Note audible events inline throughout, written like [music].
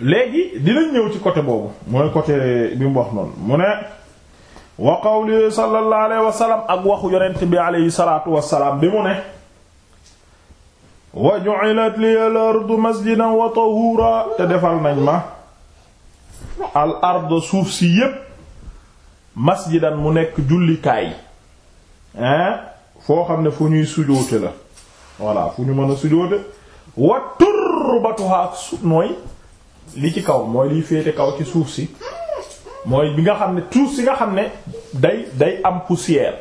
léegi dinañ ñëw ci côté boobu mooy côté bi mu wax noonu mu ne wa qawli sallallahu alayhi wa sallam ak waxu yonent bi alayhi salatu wasalaam bi mu ne wa ju'ilat li al ardu masjidan wa tahura te defal nañ ma al suuf si yépp masjidan mu nekk jullikaay foo xam ne fu ñuy sujoote la voilà fu ñu mën a sujoote wa turbatuha ak su nooy li ci kaw mooy liy féete kaw ci suuf si mooy bi nga xam ne suuf si nga xam ne day day am poussière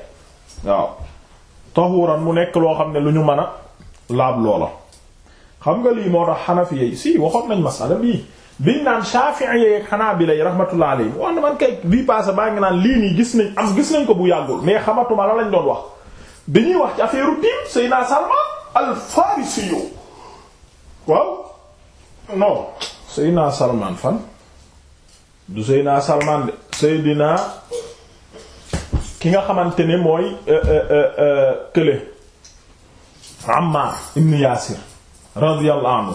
waaw tahuran mu nekk loo xam ne lu ñu mën a laab loola xam nga lii moo tax xanafiya yi si waxoon nañ masala bii biñ naan shafi'iyya ak hanabila yi rahmatullah alayhi wax na man kay bii passé baa ngi naan lii nii gis nañ am gis nañ ko bu yàggul mais xamatuma la lañ doon wax bi ñuy wax ci affaire diim Seydina Salman al-Farisi waaw non Seydina Salman fan du Seydina Salman de Seydina ki nga xamante ne mooy euh, euh, euh, kële Ammar ibn Yaasir radiyallahu anhu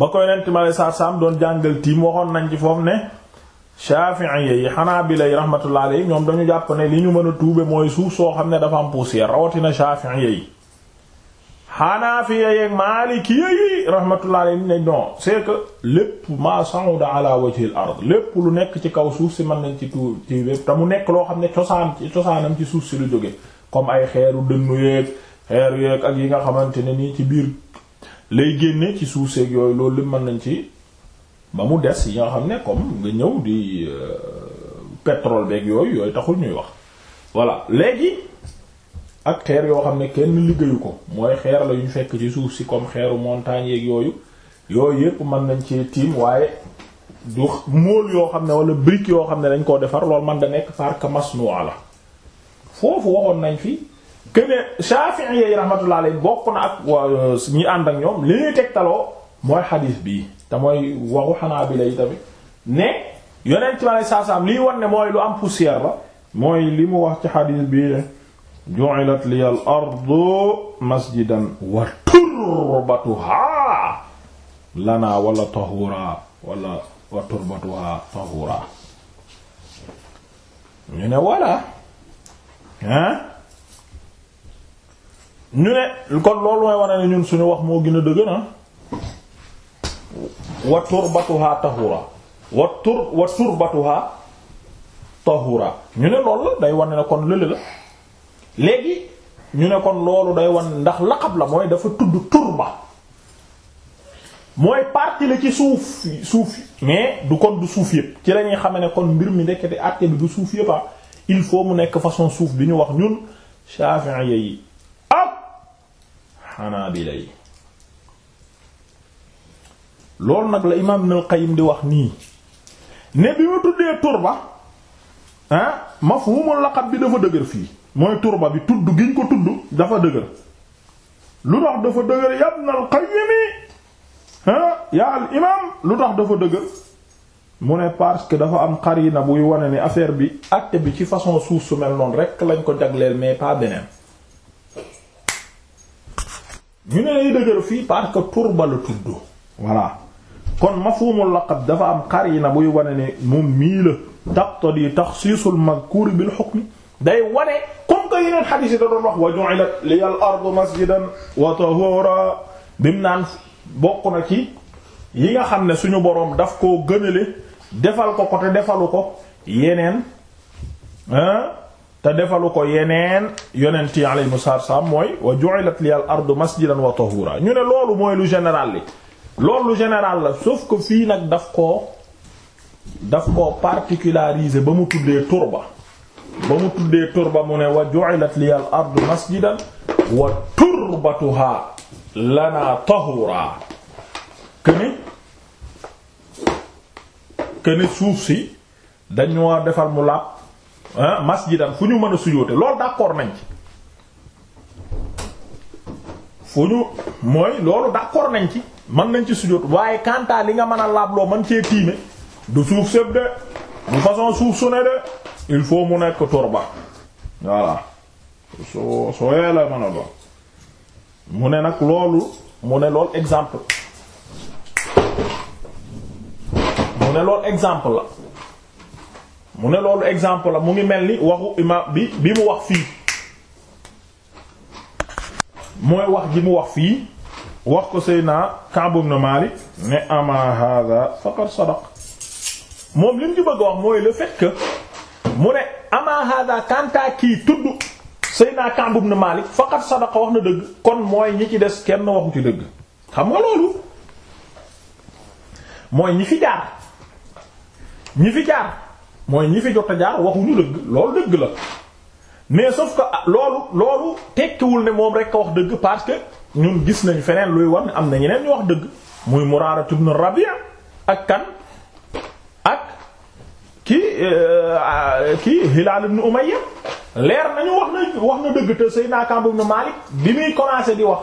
ba koy nent ma lay saa saam doon jàngal tiim waxoon nañ ci foofu ne Shafi'i yi Hanabila yi rahmatullah alayhi ñoom dañu jàpp ne li ñu mën a tuube mooy suuf soo xam ne dafa am poussière rawatina Shafi'i yi xanaafiya yeeg maalikiya yi rahmatullah alayhi ne non c'est que lépp ma sa'uda ala wajhil ard lépp lu nekk ci kaw suuf si mën nañ ci tuur ci te mu nekk loo xam ne cosaan ci ci suuf si lu jóge comme ay xeeru dënnu yeeg xeeru yeeg ak yi nga xamante ne nii ci biir lay génne ci suuf seeg yooyu loolu lépp mën nañ ci ba mu des yi nga xam ne comme nga ñëw di euh, pétrole beeg yooyu yooyu taxul ñuy wax voilà léegi. ak xeer yoo xam ne kenn liggéeyu ko mooy xeer la yuñ fekk ci suuf si comme xeeru montagne yeeg yooyu yooyu yépp man nañ ci tiim waaye du móol yoo xam ne wala brique yoo xam ne dañ koo defar loolu man da nekk park masnua la foofu waxoon nañ fi que ne Shafi'i yi rahmatullah alayhi bokk na ak euh, ñi ànd ak ñoom li ñuy tegtaloo mooy xadiis bii te mooy waxu Hanabila yi tamit ne yonent bi alayhi salaam liy wan ne mooy lu am poussière la mooy li mu wax ci xadiis bii ju'ilat liya al-ardu masjidan lana wala tahura wala wa turbatuha tahura ñu ne wala hein ñu ne kon loolu mooy wane ne ñun suñu wax moo gën a dëgg na wa turbatuha tahura wa tur ñu ne loolu day wane ne kon lële la léegi ñu ne kon loolu day wan ndax laqab la mooy dafa tudd turba mooy parti la ci suuf suuf mais du kon du suuf yëpp ci la ñuy xame ne kon mbir mi ndekete àtte bi du suuf yëpp ah. il faut mu nekk façon suuf bi ñu wax ñun Shafi'iyya yi ak Hanabila yi loolu nag la imaam Ibn al di wax nii ne bi ma tuddee turba ah mafhumul laqab bi dafa dëgër fii mooy turba bi tudd giñ ko tudd dafa dëgër lu tax dafa dëgër ya Ibn al-Qayyim ah yaa al imam lu tax dafa dëgër mu ne parce que dafa am xar yi qarina buy wane ni affaire bi acte bi ci façon suuf su mel noonu rek lañ ko jagleel mais pas beneen ñu ne lay dëgër fii parce que turba la tudd voilà kon mafhumul laqab dafa am qarina buy wane ni moom mii la taqtadi taxsiisul mazkuur bil hukm day wane comme que yeneen xadiis yi da doon wax wa ju'ilat liyal ardu masjidan wa tahura bim naan bokk na ci yi nga xam ne suñu boroom daf koo gënale defal ko ko te defalu ko yeneen te defalu ko yeneen yonent yi alayhimu salaam mooy wa ju'ilat liyal ardu masjidan wa tahura ñu ne loolu mooy lu général li loolu lu général la sauf ko fii nag daf koo daf koo particularisé ba mu tuddee turba ba mu tuddee ba mu ne wa ju'ilat liya al ardu masjidan wa turbatuha lana tahura këni këni suuf si dañoo defal mu làpp masjidan fu ñu mën a sujoote loolu d'accord nañ ci fu ñu mooy loolu d'accord nañ ci mën nañ ci sujoot waaye quant à li nga mën a laabloo mën cee tiime du suuf sëb de du façon suuf su ne de il faut mu nekk turba voilà soo soo yee la mën a doon mu ne nag loolu mu ne lool exemple mu ne loolu exemple la mu ne loolu exemple la mu ngi mel ni waxu imaam bi bi mu wax fii mooy wax ji mu wax fii wax ko Seydina Ka'b ibn Malik ne ama hadha faqad sadaq moom li mu ci bëgg wax mooy le fait mu ne ama hada kanta kii tudd Seydina Ka'b ibn Malik faqat sadaqa wax na dëgg kon mooy ñi ci des kenn waxu ci dëgg xam nga loolu mooy ñi fi jaar ñi fi jaar mooy ñi fi jot a jaar waxuñu dëgg loolu dëgg la mais sauf que ah, loolu loolu tekkiwul ne moom rek a wax dëgg parce que ñun gis nañu feneen luy war am na ñeneen ñu wax dëgg muy Murara ibn Rabi' ak kan Euh, euh, kii Hilaal ibn Umayya leer nañu wax na wax na dëgg te Seydina Kaab ibn Maalik bi muy commencé di wax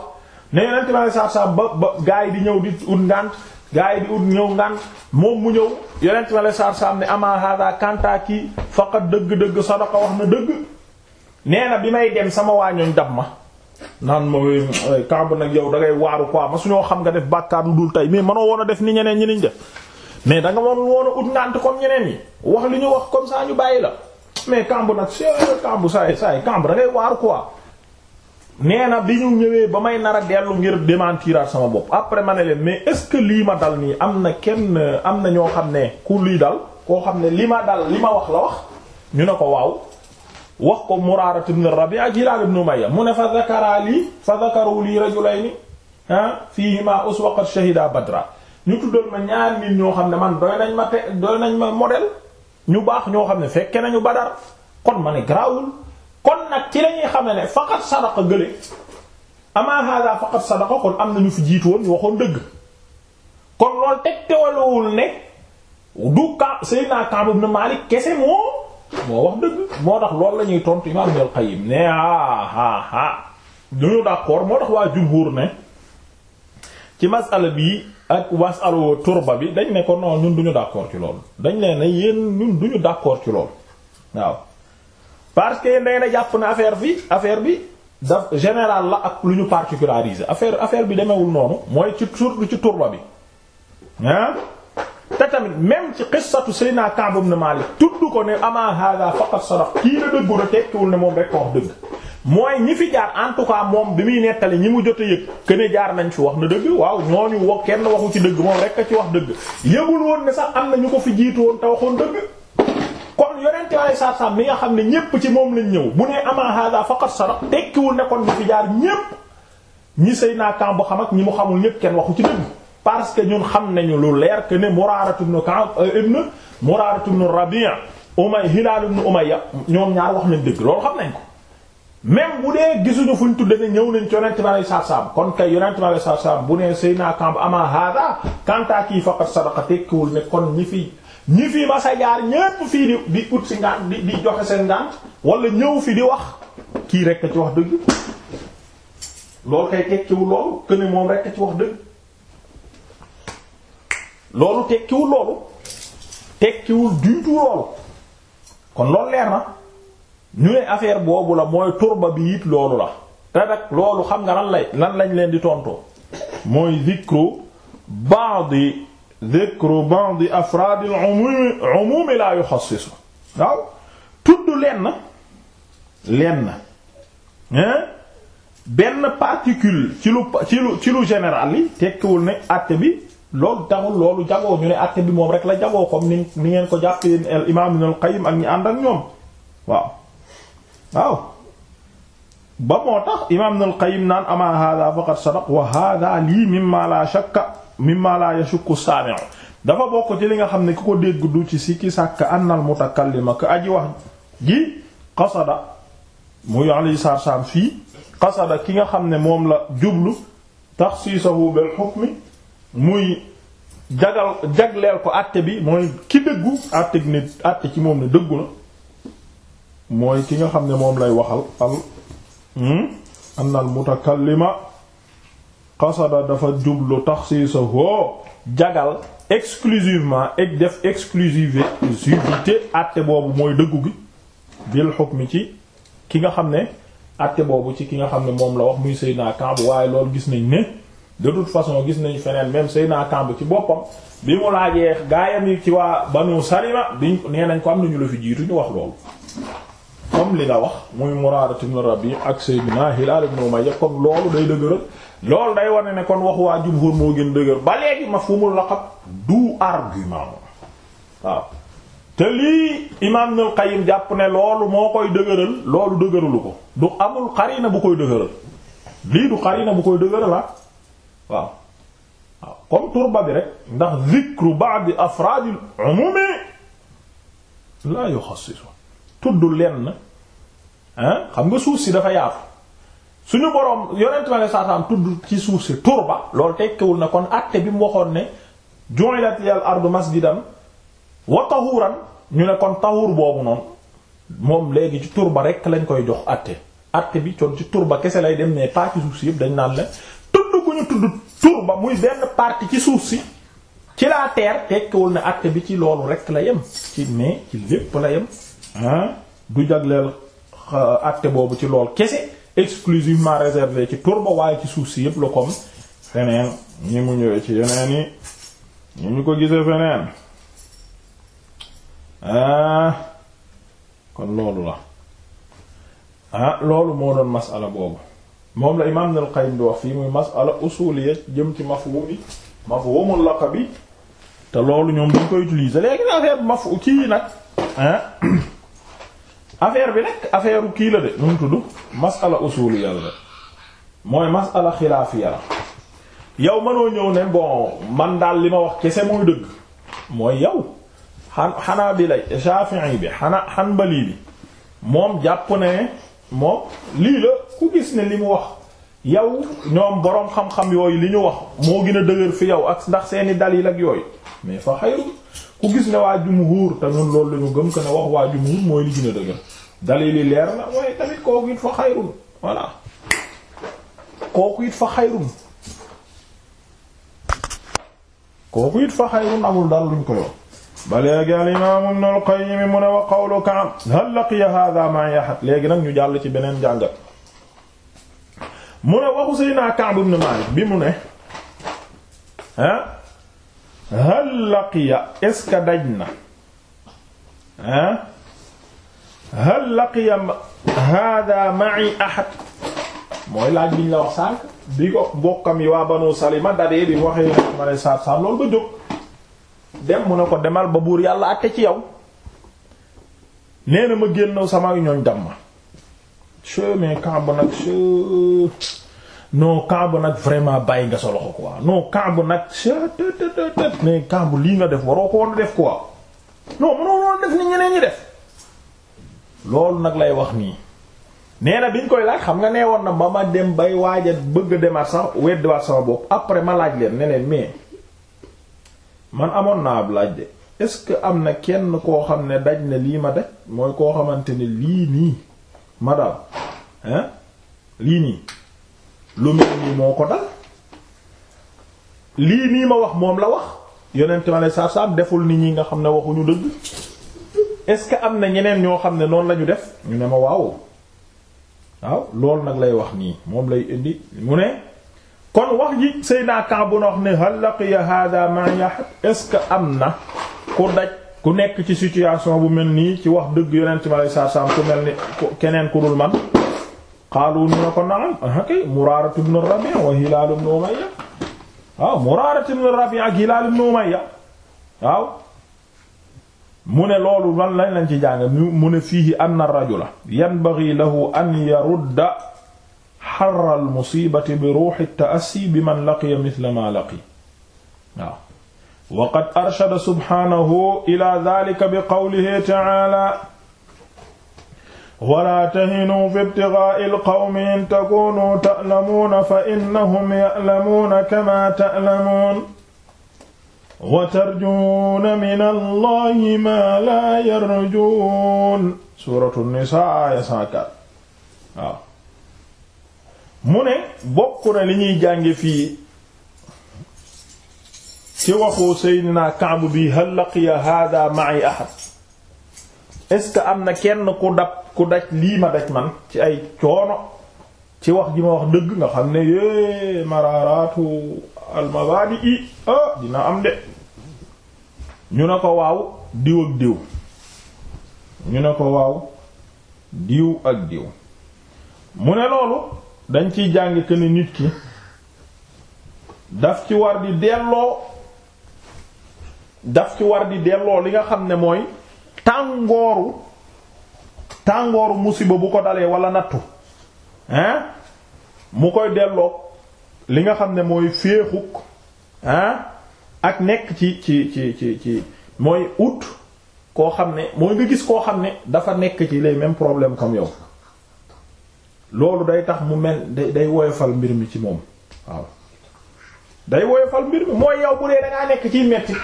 ne Yonent bi saa saa ba ba gaa yi di ñëw di ut ngànt gaa yi di ut ñëw ngànt moom mu ñëw Yonent bi saa saam ne amaa haadaa kantaa kii faqat dëgg-dëgg sadaqa wax na dëgg nee na bi may dem sama waa waañooñ dab ma. naan ma Kaab nag yow da ngay waaru quoi su ñoo xam nga def bàkkaar lu dul tey mais mënoo woon a def ni ñeneen ñi niñ def. mais danga nga waroon woon a ut ngànt comme ñeneen yi wax li ñu wax comme ça ñu bàyyi la mais kamb nag si kamb saay saay kamb da ngay waaru quoi nee na bi ñu ñëwee ba may nar a dellu ngir démentir sama bopp après ma ne leen mais est-ce que lii ma dal nii am na kenn am na ñoo xam ne ku lii dal koo xam ne li ma dal li ma wax la wax ñu ne ko waaw wax ko Muraara ibn Rabi'a Hilaal ibn Umayya mu ne fa zakara lii fa zakaru lii rajulayni ah fiihimaa uswa qad ñu tuddal ma ñaar nit ñoo xam ne man doy nañ ma te doy nañ ma modèle ñu baax ñoo xam ne fekke nañu badar kon ma ne grawul kon nag ci lañuy xam ne ne faqat sadaqa gële amaa hada faqat sadaqa kon am na ñu fi jiitu woon ñu waxoon dëgg kon loolu tegtewalowul ne du ka Seydina Ka'b ibn Malik kese moo moo wax dëgg moo tax loolu la ñuy tontu Imam Ibn Qayyim ne ah ah ah dañoo d'accord moo tax waa jumhur ne ci masala bii ak wasalu turba bi dañ ne ko non ñun duñu d'accord ci loolu dañ ne ne yéen ñun duñu d'accord ci loolu waaw parce que day na jàpp na affaire bi affaire bi daf général la ak lu ñu particularisé affaire affaire bi demewul noonu mooy ci surtout ci turba bi ah te tamit même ci qissatu Seydina Ka'b ibn Malik tudd ko ne ama hada faqat sadaq kii la dëggu a tekkiwul ne moom rek ko dëgg mooy ñi fi jaar en tout cas moom bi muy nettali ñi mu jot a yëg que jaar nañ fi wax na dëgg waaw ñooñu wax kenn waxu ci dëgg moom rek a ci wax dëgg yëgul woon ne sax am na ñu ko fi jiitu woon te waxoon dëgg. kon yonent ay saabsaab mi nga xam ne ñépp ci moom lañ ñëw bu nee ama hada faqat sadaq tekkiwul ne kon ñi fi jaar ñépp ñi sëy naa Kaab bu xam ak ñi mu xamul ñépp kenn waxu ci dëgg. parce que ñun xam nañu lu leer que ne Muraaratu ibn Ka'b euh, ibn Muraaratu ibn Rabi' Umay Hilaal ibn Umayya ñoom ñaar wax nañ dëgg loolu xam nañ ko. même bu dee gisuñu fuñ tudde ne ñëw nañ ci yonent bi alayhi salaam kon kay yonent bi alayhi salaam bu nee Seyna Kamb ama hada kanta kii faqat sadaqa tekkiwul ne kon ñi fi ñi fi ma sa jaar ñépp fii di di ut si ngaan di di joxe seen ngaan walla ñëw fi di wax kii rek a ci wax dëgg loolu kay tekkiwul loolu moom rek ci wax dëgg loolu tekkiwul loolu tekkiwul du loolu kon loolu leer na. ñu ne affaire boobu la mooy turba bi it loolu la te nag loolu xam nga lan lay lan lañ leen di tontoo mooy zikru ba'di zikru ba'di afraadil umumi umumi la yuxassisu waaw tudd lenn lenn benn particule ci lu ci lu ci yi tekkiwul ne àtte bi loolu taxul loolu jagoo ñu ne àtte bi moom rek la jagoo comme ni ngeen ko jàppee al imaam Ibn al Qayyim ak ñi ànd ak ñoom waaw waaw ba moo tax imaam Ibnul Qayyim naan ama hada faqad sadaq wa hada lii mimma shakka mimma la yashukku saami'u dafa bokk ci li nga xam ne ki ko dégg du ci sikki sàkka annal mutakallima ka aji wax gi qasada muy alayhi salaam fii qasada ki nga xam ne moom la jublu taxsiisahu bil hukmi muy jagal jagleel ko àtte bi mooy ki dëggu àtte ne àtte ci moom ne déggu la mooy ki nga xam ne moom lay waxal al hmm? anna al mutakallima qasada dafa jublu taxsiisa hoo jagal exclusivement et def exclusivité àtte boobu mooy dëggu gi bil hukmi ci ki nga xam ne àtte boobu ci ki nga xam ne moom la wax muy naa Kamb waaye loolu gis nañ ne de façon gis nañ feneen même naa Kamb ci boppam bi mu laajee gaayam yi ci waa Banu Salima bi nee nañ ko am nañu la fi jiitu ñu wax loolu comme li nga wax muy Muraara ibn Rabi ak Seydina Hilaal ibn Umayya kon loolu day dëgëral loolu day wane ne kon wax waa jumhur moo gën dëgër ba léegi mafhumul laqab du argument waaw te lii imaam Ibnul Qayyim jàpp ne loolu moo koy dëgëral loolu dëgëralu ko du amul xarina bu koy dëgëral lii du xarina bu koy dëgëral ah waaw waaw comme rek ndax zikru ba'di afraadil umumi laa yuxassisu tudd lenn ah xam nga suuf si dafa yaatu suñu boroom yonent ma ne saasaam tudd ci suuf si turba lool tekkiwul na kon àtte bi mu waxoon ne ju'ilat lil ardu masjidan wa tahuran ñu ne kon tahur boobu noonu moom léegi ci turba rekk lañ koy jox àtte àtte bi coon ci turba kese lay dem mais pas ci suuf si yëpp dañ naan la tudd gu ñu tudd turba muy benn partie ci suuf si ci la terre tekkiwul na àtte bi ci loolu rekk la yem ci mais ci lépp la yem du jagleel àtte euh, boobu ci lool kese exclusivement réservé ci turba waaye ci suuf si yépp la comme feneen ñi mu ñëwee ci yeneen yi ñu ñu ko gisee feneen ah kon loolu la ah loolu moo doon masala boobu moom la imaam Ibnul Qayyim di wax fii muy masala usuliyya jëm ci mafhum bi mafhumul laqab bi te loolu ñoom dañ koy utiliser léegi na affaire mafhum kii nag ah affaire bi nag affaire kii la de nu tudd masala usuli yàlla mooy masala xilaafiya la yow mënoo ñëw ne bon man daal li ma wax kese mooy dëgg mooy yow xan xanaa bi lay Shafi'i bi xana xanbali bi moom jàpp ne moom lii la ku gis ne li mu wax yow ñoom boroom xam-xam yooyu li ñu wax moo gën a dëgër fi yow ak ndax seeni dalil ak yooyu mais fa xayru ku gis ne waa jumhuur te ñun loolu la ñu gëm que ne wax waa jumhuur mooy li gën a dëgër dalil yi leer na waaye tamit kooku it fa xayrun voilà kooku it fa xayrun kooku it fa xayrun amul dara luñ koy ba léegi al imaam ibn al qayyim mu ne wa qawlu Ka'b hal laqiya hadha ma yahad léegi nag ñu jàll ci beneen jàngat mu ne waxu Seydina Ka'b ibn Malik bi mu ne ah hal laqiya est-ce que daj na ah hal laqiya hada ma'i ahad mooy laaj biñ la wax sànq bi ko yi waa banu salima dadee bi mu waxee ma ne saab saab ba jóg dem mu ne ko demal ba buur yàlla àtte ci yow nee na ma génn sama ñooñ dam ma chemin kamb nag non Kaabu nag vraiment bàyyi nga solo ko quoi non Kaabu nag ctt mais Kaabu lii nga def waroo ko woon def quoi non mënoo woon def ni ñeneen ñi def loolu nag lay wax nii nee na biñ koy laaj xam nga ne woon na ba ma dem bay waaja bëgg a demaat sax weddiwaat sama bopp après ma laaj leen ne leen mais man amoon naa ab laaj de est-ce que am na kenn koo xam ne daj ne lii ma daj mooy koo xamante ni lii nii ma daal hein lii nii lu mel nii moo ko dal lii nii ma wax moom la wax yonent ma ne saaf deful ni ñi nga xam ne waxuñu dëgg est-ce que am na ñeneen ñoo xam ne noonu la def ñu ne ma waaw waaw loolu nag lay wax nii moom lay indi mu ne kon wax ji Seydina Kaab bu na wax ne hal laqiya hada ma yahad est-ce que am na ku daj ku nekk ci situation bu mel nii ci wax dëgg yonent ma ne saaf saaf ku mel ni keneen ku dul man. qaalu ñu ne ko naam ah kay Muraara ibn Rabi' wa Hilaal ibn Umayya waaw Muraara ibn Rabi' ak Hilaal ibn Umayya waaw mu ne loolu lan lañ lañ ci jàng mu ne fiihi anna rajula yanbaghi lahu an yarudda harra al-musibati bi ruuhi at-ta'assi bi man laqiya mithla ma laqiya waaw wa qad arshada subhaanahu ila dhaalika bi qawlihi ta'aala wala tahinuu fi ibtighaa'i alqawmi in takunuu ta'lamuuna fa innahum ya'lamuuna kamaa ta'lamuun wa tarjuuna mina Allaahi maa laa yarjuun suuratu nisaa aaya 104 waaw mu ne bokk na li ñuy jànge fii ci waxu Seydina Ka'b bi hal laqiya haadaa ma'i ahad est-ce que am na kenn ku dab ku daj lii ma daj man ci ay coono ci wax ji ma wax dëgg nga xam ne yée maraaraatu almabadi i ah dina am de ñu ne ko waaw diw ak diw ñu ne ko waaw diw mu ne loolu dañ ciy jàng que nit ki daf ci war di delloo daf ci war di delloo li nga xam ne mooy tàngooru tàngooru musiba bu ko dalee wala nattu hein mu koy delloog li nga xam ne mooy féexuk hein ak nekk ci ci ci ci ci mooy ut koo xam ne mooy nga gis koo xam ne dafa nekk ci les mêmes problèmes comme yow loolu day tax mu mel day day woyofal mbir mi ci moom waaw day woyofal mbir mi mooy yow bu dee dangaa nekk ciy metti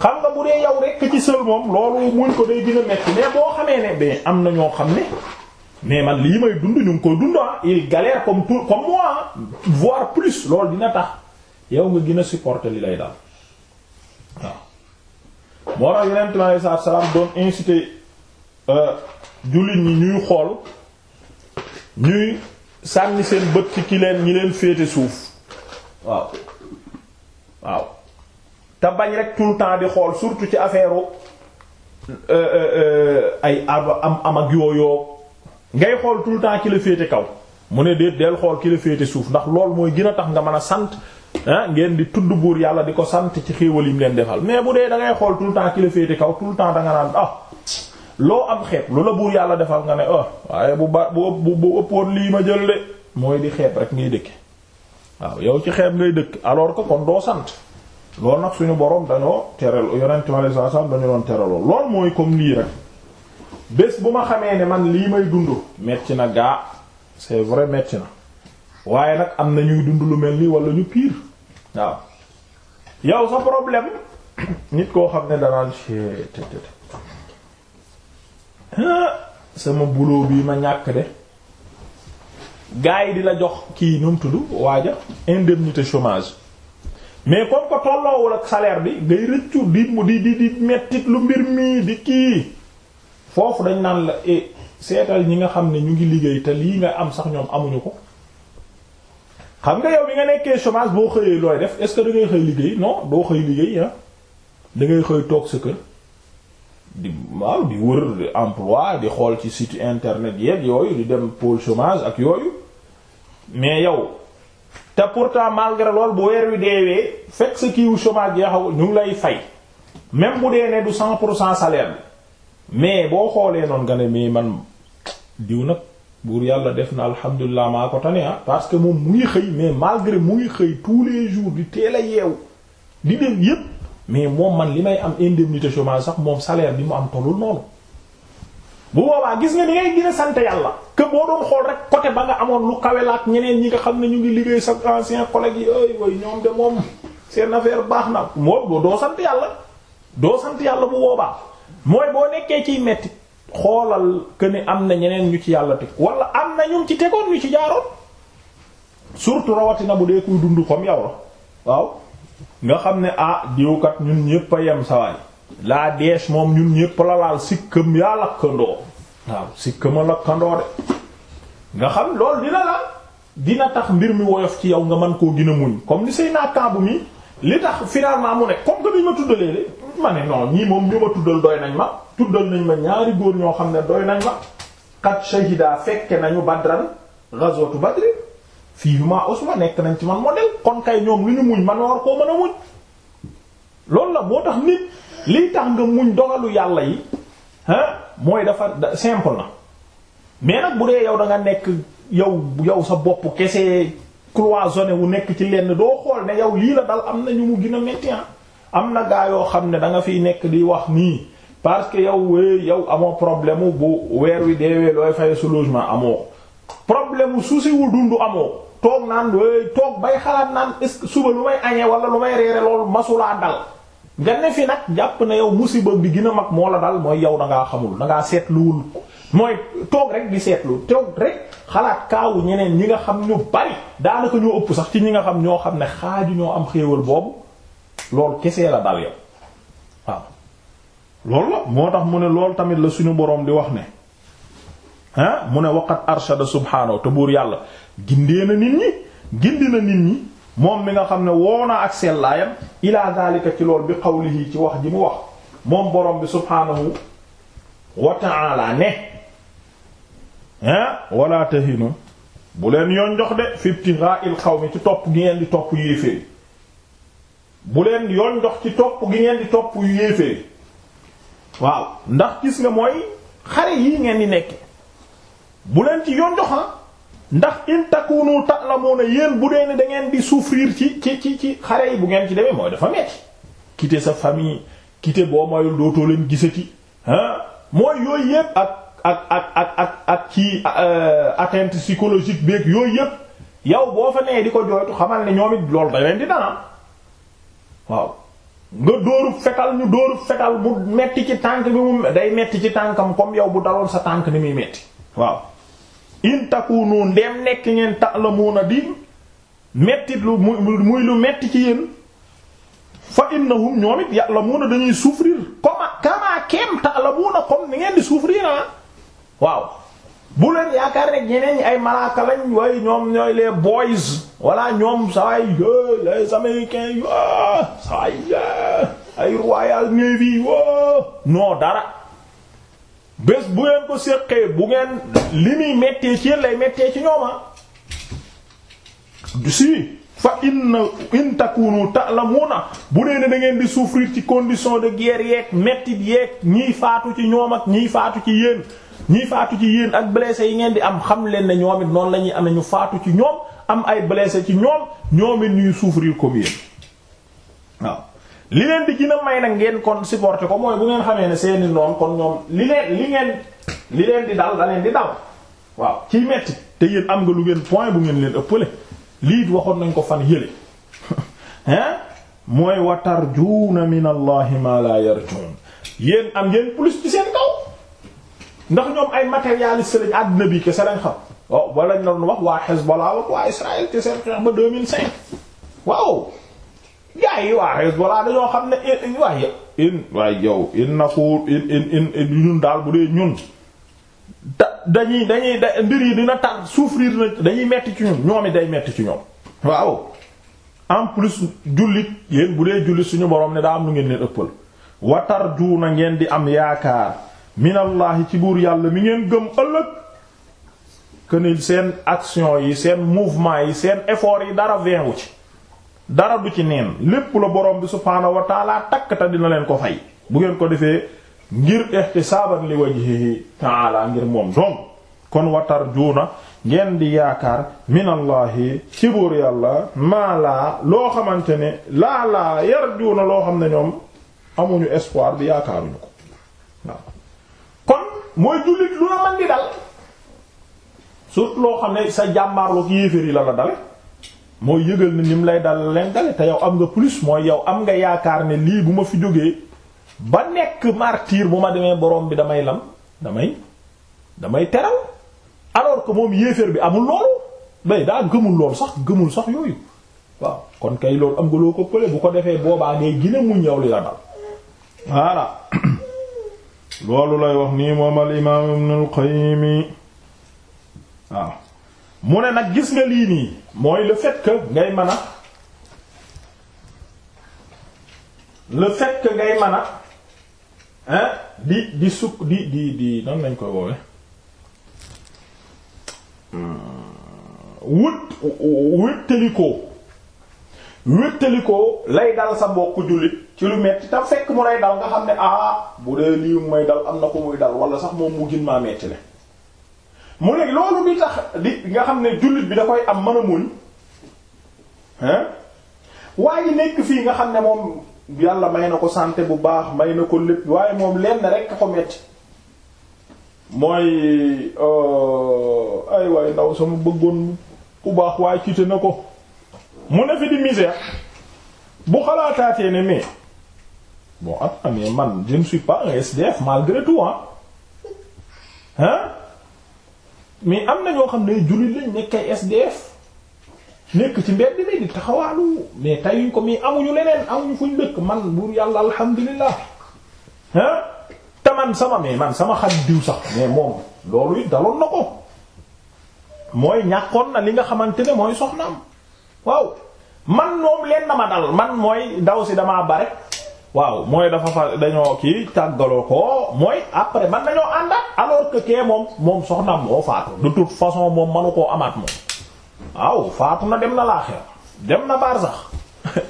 xam nga bu dee yow rek ci sël moom loolu muñ ko day gën metti mais boo xamee ne ben am na ñoo xam ne mais man lii may dund ñu ko koy dund ah il galère comme tout comme moi ah, voire plus loolu dina tax yow nga gën a li lay daal waaw moo tax yonent bi alei salaatu salaam doon inciter euh, jullit ñi ñuy xool ñuy sànni seen bët ci ki leen ñi leen féete suuf waaw waaw te bañ rek tout le temps di xool surtout ci affaire euh, euh, euh, ay am am ak yooyu ngay xool tout le temps ki la féete kaw mu ne déet del xool ki suuf ndax lool mooy gën a tax nga mën a sant ah ngeen di tudd buur yàlla di ko sant ci xéewal yi leen defal mais bu dee da ngay xool tout le temps ki la féete kaw tout temps da naan ah loo am xeeb lu la buur yàlla defal nga ne ah waaye bu ba bu bu ëppoon lii ma jël de mooy di xeeb rek ngay dëkk waaw yow ci xeeb ngay dëkk alors que doo sant. loolu nag suñu borom dañoo teral yonente mi alei sat dañu doon teraloo loolu mooy comme lii rek bés bu ma xamee ne man lii may dund metti na gaa c'est vrai metti na waaye nag am na ñuy dund lu mel nii wala ñu pire waaw yow sa problème [coughs] nit koo xam ne danaan ah, sama boulot bii ma ñàkk de gaa yi di la jox kii nu mu tudd waaja indemnité chomage mais kon que tolloowul ak salaire bi ngay rëccu di mu di di di mettit lu mbir mii di kii foofu dañ naan la eh, seetal ñi nga xam ne ñu ngi liggéey te lii nga am sax ñoom amuñu ko xam nga yow bi nga nekkee chômage boo xëyee looy def est-ce que da ngay xëy liggéey non doo xëy liggéey ah da ngay xëy toog sa kër di waaw di wër emploi di xool ci site internet yeeg yooyu di dem pôle chômage ak yooyu mais yow te pourtant malgré loolu bu weer wi deewee fekk sa kiiwu chômage yaxaw ñu ngi lay fay même bu dee ne du cent pour cent salaire bi mais boo xoolee noonu nga ne mais man diw nag buur yàlla def na alhamdulilah maa ko tane ah parce que moom mu ngi xëy mais malgré mu ngi xëy tous les jours di teel a yeewu di dem yépp mais moom man li may am indemnité chômage sax moom salaire bi mu am tolul noonu bu boobaa gis nga ni ngay gën a sant yàlla que boo doon xool rek côté ba nga amoon lu kawe la ñeneen ñi nga xam ne ñu ngi liggéey sa ancien collègue yi ay way ñoom de moom seen affaire baax na moom doo sant yàlla doo sant yàlla bu boobaa mooy boo nekkee ciy mettit xoolal que ni am na ñeneen ñu ci yàlla teg wala am na ñun ci tegoon ñu ci jaaroon surtout rawatina bu dee kuy dund comme yow la waaw nga xam ne ah diwkat ñun ñépp a yem sawaay la dees moom ñun ñépp la laal sikkam yaa lakkandoo waaw sikkama lakkandoo de nga xam lool dina la dina tax mbir mi woyof ci yow nga man koo gën a muñ comme ni say naakaabu mi li tax finalement mu ne moom ñu ma tuddal nañ ma ñaari góor ñoo xam ne doy nañ ma qad shahida fekke nañu badran ghazwatu badr fii nekk nañ ci man modèle kon kay ñoom lu ñu muñ man war koo mën a muñ loolu la moo tax nit lii tax nga muñ dogalu yàlla yi ah mooy dafa simple na mais nag bu dee yow da nga nekk yow yow sa bopp kese cloisonné wu nekk ci lenn doo xool ne yow lii la dal am na ñu mu gën a métti am na gaa yoo xam ne da nga fiy nekk di wax nii parce que yow wee yow amoo problème mu bu weer wi deewee looy fay su logement amoo problème mu souci wu dund amoo toog naan toog bay xalaat naan est-ce que suba lu may añee wala lu may reere loolu masulaa dal. nga ne fi nag jàpp na yow musiba bi gën a mag moo la dal mooy yow dangaa xamul da ngaa seetluwul mooy toog rek di seetlu toog rek xalaat kaawu ñeneen ñi nga xam ñu bari daanaka ñoo ëpp sax ci ñi nga xam ñoo xam ne xaaju ñoo am xéewal boobu loolu kese la dal yow waaw loolu la moo tax mu ne loolu tamit la suñu boroom di wax ne ah mu ne waqat arshada subhaanahu te buur yàlla gindee na nit ñi gindi na nit ñi moom mi nga xam ne woo naa ak sellaayam ila daalika ci lool bi qawlihi ci wax ji mu wax moom borom bi subhaanahu wa ta'ala ne ah wala tahinu bu leen yoon jox de fi xaw qawmi ci topp gi ngeen di topp yéeféer bu leen yoon jox ci topp gi ngeen di topp yéeféer waaw ndax gis nga mooy xare yii ngeen di nekke bu leen ci yoon jox ah, ndax in takunu na yéen bu dee ne da ngeen di souffrir ci ci ci ci xare yi bu ngeen ci demee mooy dafa metti quitter sa famille quitter boo mayul dootoo leen gisati ah mooy yooyu yépp ak ak ak ak ak ak ci euh, atteinte psychologique beeg yooyu yépp yow boo fa nee di ko jooytu xamal ne ñoom lool da leen di dana waaw nga dóoru fetal ñu dóoru fetal mu metti ci tànk bi mu day metti ci tànkam comme yow bu daloon sa tànk ni muy metti waaw in takunu ndeem nekk ngeen ta'lamuna di mettit lu muy lu metti ci yéen fa innahum ñoom it ya'lamuna dañuy souffrir comme kama kem ta'lamuna comme ni di souffrir ah waaw bu leen yaakaar rek ñeneen ñi ay malaaka lañ waaye ñoom ñooy les boys walla ñoom saay les américains saay ay royal navy wo non dara bés bu ngeen ko séqee bu ngeen li muy mettee ci yéen lay méttee ci ñooma ah. si fa inna in takunu ta'lamuna bu nee ne da ngeen di souffrir ci condition de guerre yeeg métti yeeg ñiy faatu ci ñoom ñiy faatu ci yéen ñiy faatu ci yéen ak blessé yi ngeen di am xam leen ne ñoom it noonu la ñuy amee ñu faatu ci ñoom am ay blessé ci ñoom ñoom it ñuy souffrir comme yéen waaw li leen di gën may nag ngeen kon supporté ko mooy bu ngeen xamee ne seeni noon kon ñoom li leen li ngeen li leen di daal da leen di dal waaw ciy metti te yéen am nga lu ngeen point bu ngeen leen ëppale lii waxoon nañ ko fan yële [laughs] hein mooy wa tarjuuna min allahi ma la yarjuun yéen am ngeen plus ci seen kaw ndax ñoom ay matérialiste lañ àddina bi kese lañ xam oh, waaw ba lañ la doon wax waa Hezbollah waa Israël te seen xeex ba 2005 waaw gaa yi waa Hezbollah dañoo xam ne waay in waay yow in in in in daal bu dee ñun da dañuy dañuy mbir yi dina tar souffrir na dañuy metti ci ñun ñoom it day metti ci ñoom waaw en plus jullit yéen bu dee jullit suñu borom ne daa am lu ngeen leen ëppal watar juuna ngeen di am yaakaar minallahi ci buur yàlla mi ngeen gëm ëllëg que seen action yi seen mouvement yi seen effort yi dara vingu ci dara du ci neen lépp la borom bi subhaanahu wa taala takk te dina leen ko fay bu ngeen ko defee ngir ihtisaaban li wajhihi taala ngir moom donc kon watar juuna ngeen di yaakaar minallahi ci buur yàlla maa loo xamante ne laa laa yar juuna loo xam ne ñoom amuñu espoir bi yaakaaruñu ko kon mooy jullit lu la man di dal surtout loo xam ne sa jàmmaarloog yéeféer yi la la dale moo yëgal ne ni mu lay dal leen dale te yow am nga plus mooy yow am nga yaakaar ne lii bu ma fi jógee ba nekk martyr bu ma demee borom bi damay lam damay damay teral alors que moom yéeféer bi amul loolu bay daa gëmul loolu sax gëmul sax yooyu waaw kon kay loolu am nga loo ko pële bu ko defee boobaa ngay gine muñ yow li la dal voilà [coughs] loolu lay wax nii moom al imaam ibn waaw mu ne nag gis nga lii nii mooy le fait que ngay mën a le fait que ngay mën a di di sukk di di di nan lañ koy woowe wut wéttalikoo wéttalikoo lay dal sa bokk jullit ci lu metti tam fekk mu lay dal nga xam ne ah bu dee lii may dal am na ko muy dal wala sax moom mu gën maa metti le mu ne loolu di tax di nga xam ne jullit bi da koy am mën a muñ hein waaye nekk fii nga xam ne moom yàlla may na ko sante bu baax may na ko lépp waaye moom lenn a ko metti mooy euh, ay waay ndaw sama bëggoon bu baax waaye quitté na ko mu ne fi di misère bu xalaataatee ne mais bon attends mais man je ne suis pas un SDF malgré tout hein mais am na ñoo xam ne jullit lañ nekk ay SDF nekk ci mbedd mi di taxawaalu mais tayuñ ko mais amuñu leneen amuñu fuñ dëkk man buur yàlla alhamdulilah ah te man sama mais man sama xarit diw sax mais moom loolu it daloon na ko mooy ñàkkoon na li nga xamante ne mooy soxnaam waaw man moom leen na ma dal man mooy daw si damaa bare waaw mooy dafa fa dañoo kii tàggaloo ko mooy après man dañoo àndaat alors que kee moom moom soxnaam moo faatu de toute façon moom manu koo amaat moom waaw faatu na dem na laaxeer dem na baar sax [laughs]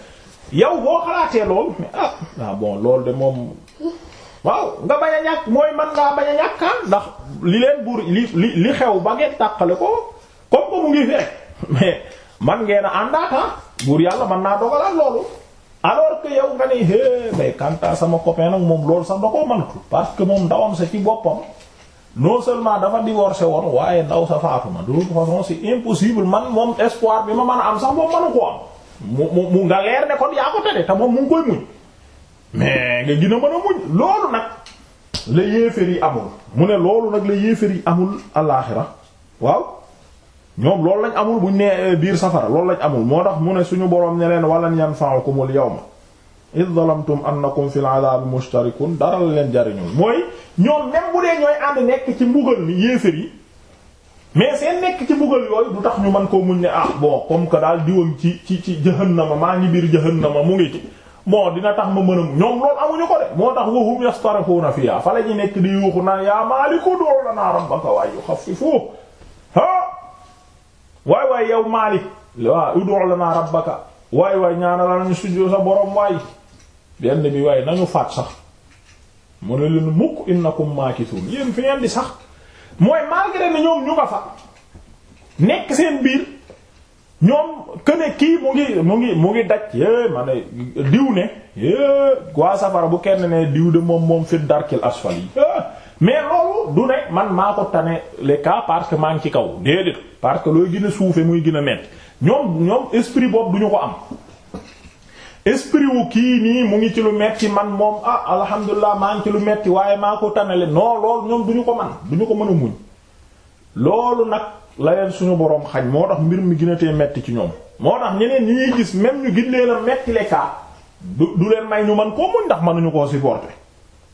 yow boo xalaatee lool ah ah bon loolu de moom waaw nga bañ ñàkk mooy man ngaa bañ a ñàkkaan ah, ndax li leen buur li li li xew ba ngeen tàqale ko comme ko mu ngi fi [laughs] mais man ngeen a àndaata ah, buur yàlla man naa dogalaat loolu alors que yow nga ne é mais kanta sama copain nag moom loolu sax da koo parce que moom ndawam sa ci boppam non seulement dafa divorcé woon waaye ndaw sa faatu ma de toute façon c'est impossible man moom espoir bi ma man a am sax moom mënu ko am mu mu nga leer ne kon yaa ko tere te moom mu koy muñ mais nga gën a mën a muñ loolu nag la yéefér yi amul mu ne loolu nag la yéefér yi amul alaaxira waaw ñoom loolu lañ amul buñ nee eh, biir safara loolu lañ amul moo tax mu ne suñu boroom ne leen walan yanfa'ukumul yawma id zalamtum annakum fil adhabi mushtarikun dara la leen jariñul mooy ñoom même bu dee ñooy ànd nekk ci mbugal mi yéefér yi mais seen nekk ci mbugal yooyu du tax ñu mën koo muñ ne ah bon comme que daal diwam ci ci ci jahannama maa ngi biir jahannama mu ngi ci bon dina tax ma mën a ñoom loolu amuñu ko de moo tax wahum yastarixuuna fiha ñu nekk di yuuxu naan waay waaye yow Maalik waaw ud'u lana rabbaka waaye waay ñaanal nañu sujjoo sa borom waay benn bi waaye nañu faat sax mu ne leen mukk innakum maakisuun yéen fi ngeen di sax mooy malgré ne ñoom ñu nga fa nekk seen biir ñoom que kii mu ngi mu ngi mu ngi daj diw ne waa safara bu kenn ne diw de moom moom fi darkil asfal yi ah! mais loolu du ne man maa ko tane les cas parce que maa ngi ci kaw déedéet parce que looy gën a suufe muy gën a métti ñoom ñoom esprit boobu du ñu ko am esprit wu kii nii mu ngi ci lu metti man moom ah alhamdulilah maa ngi ci lu metti waaye maa ko tanale non loolu ñoom du ñu ko man du ñu ko mën a muñ loolu nag la leen suñu boroom xañ moo tax mbir mi gën a tee metti ci ñoom moo tax ñeneen ñii gis même ñu gin leen a metti les du du leen may ñu man koo muñ ndax mënuñu koo supporter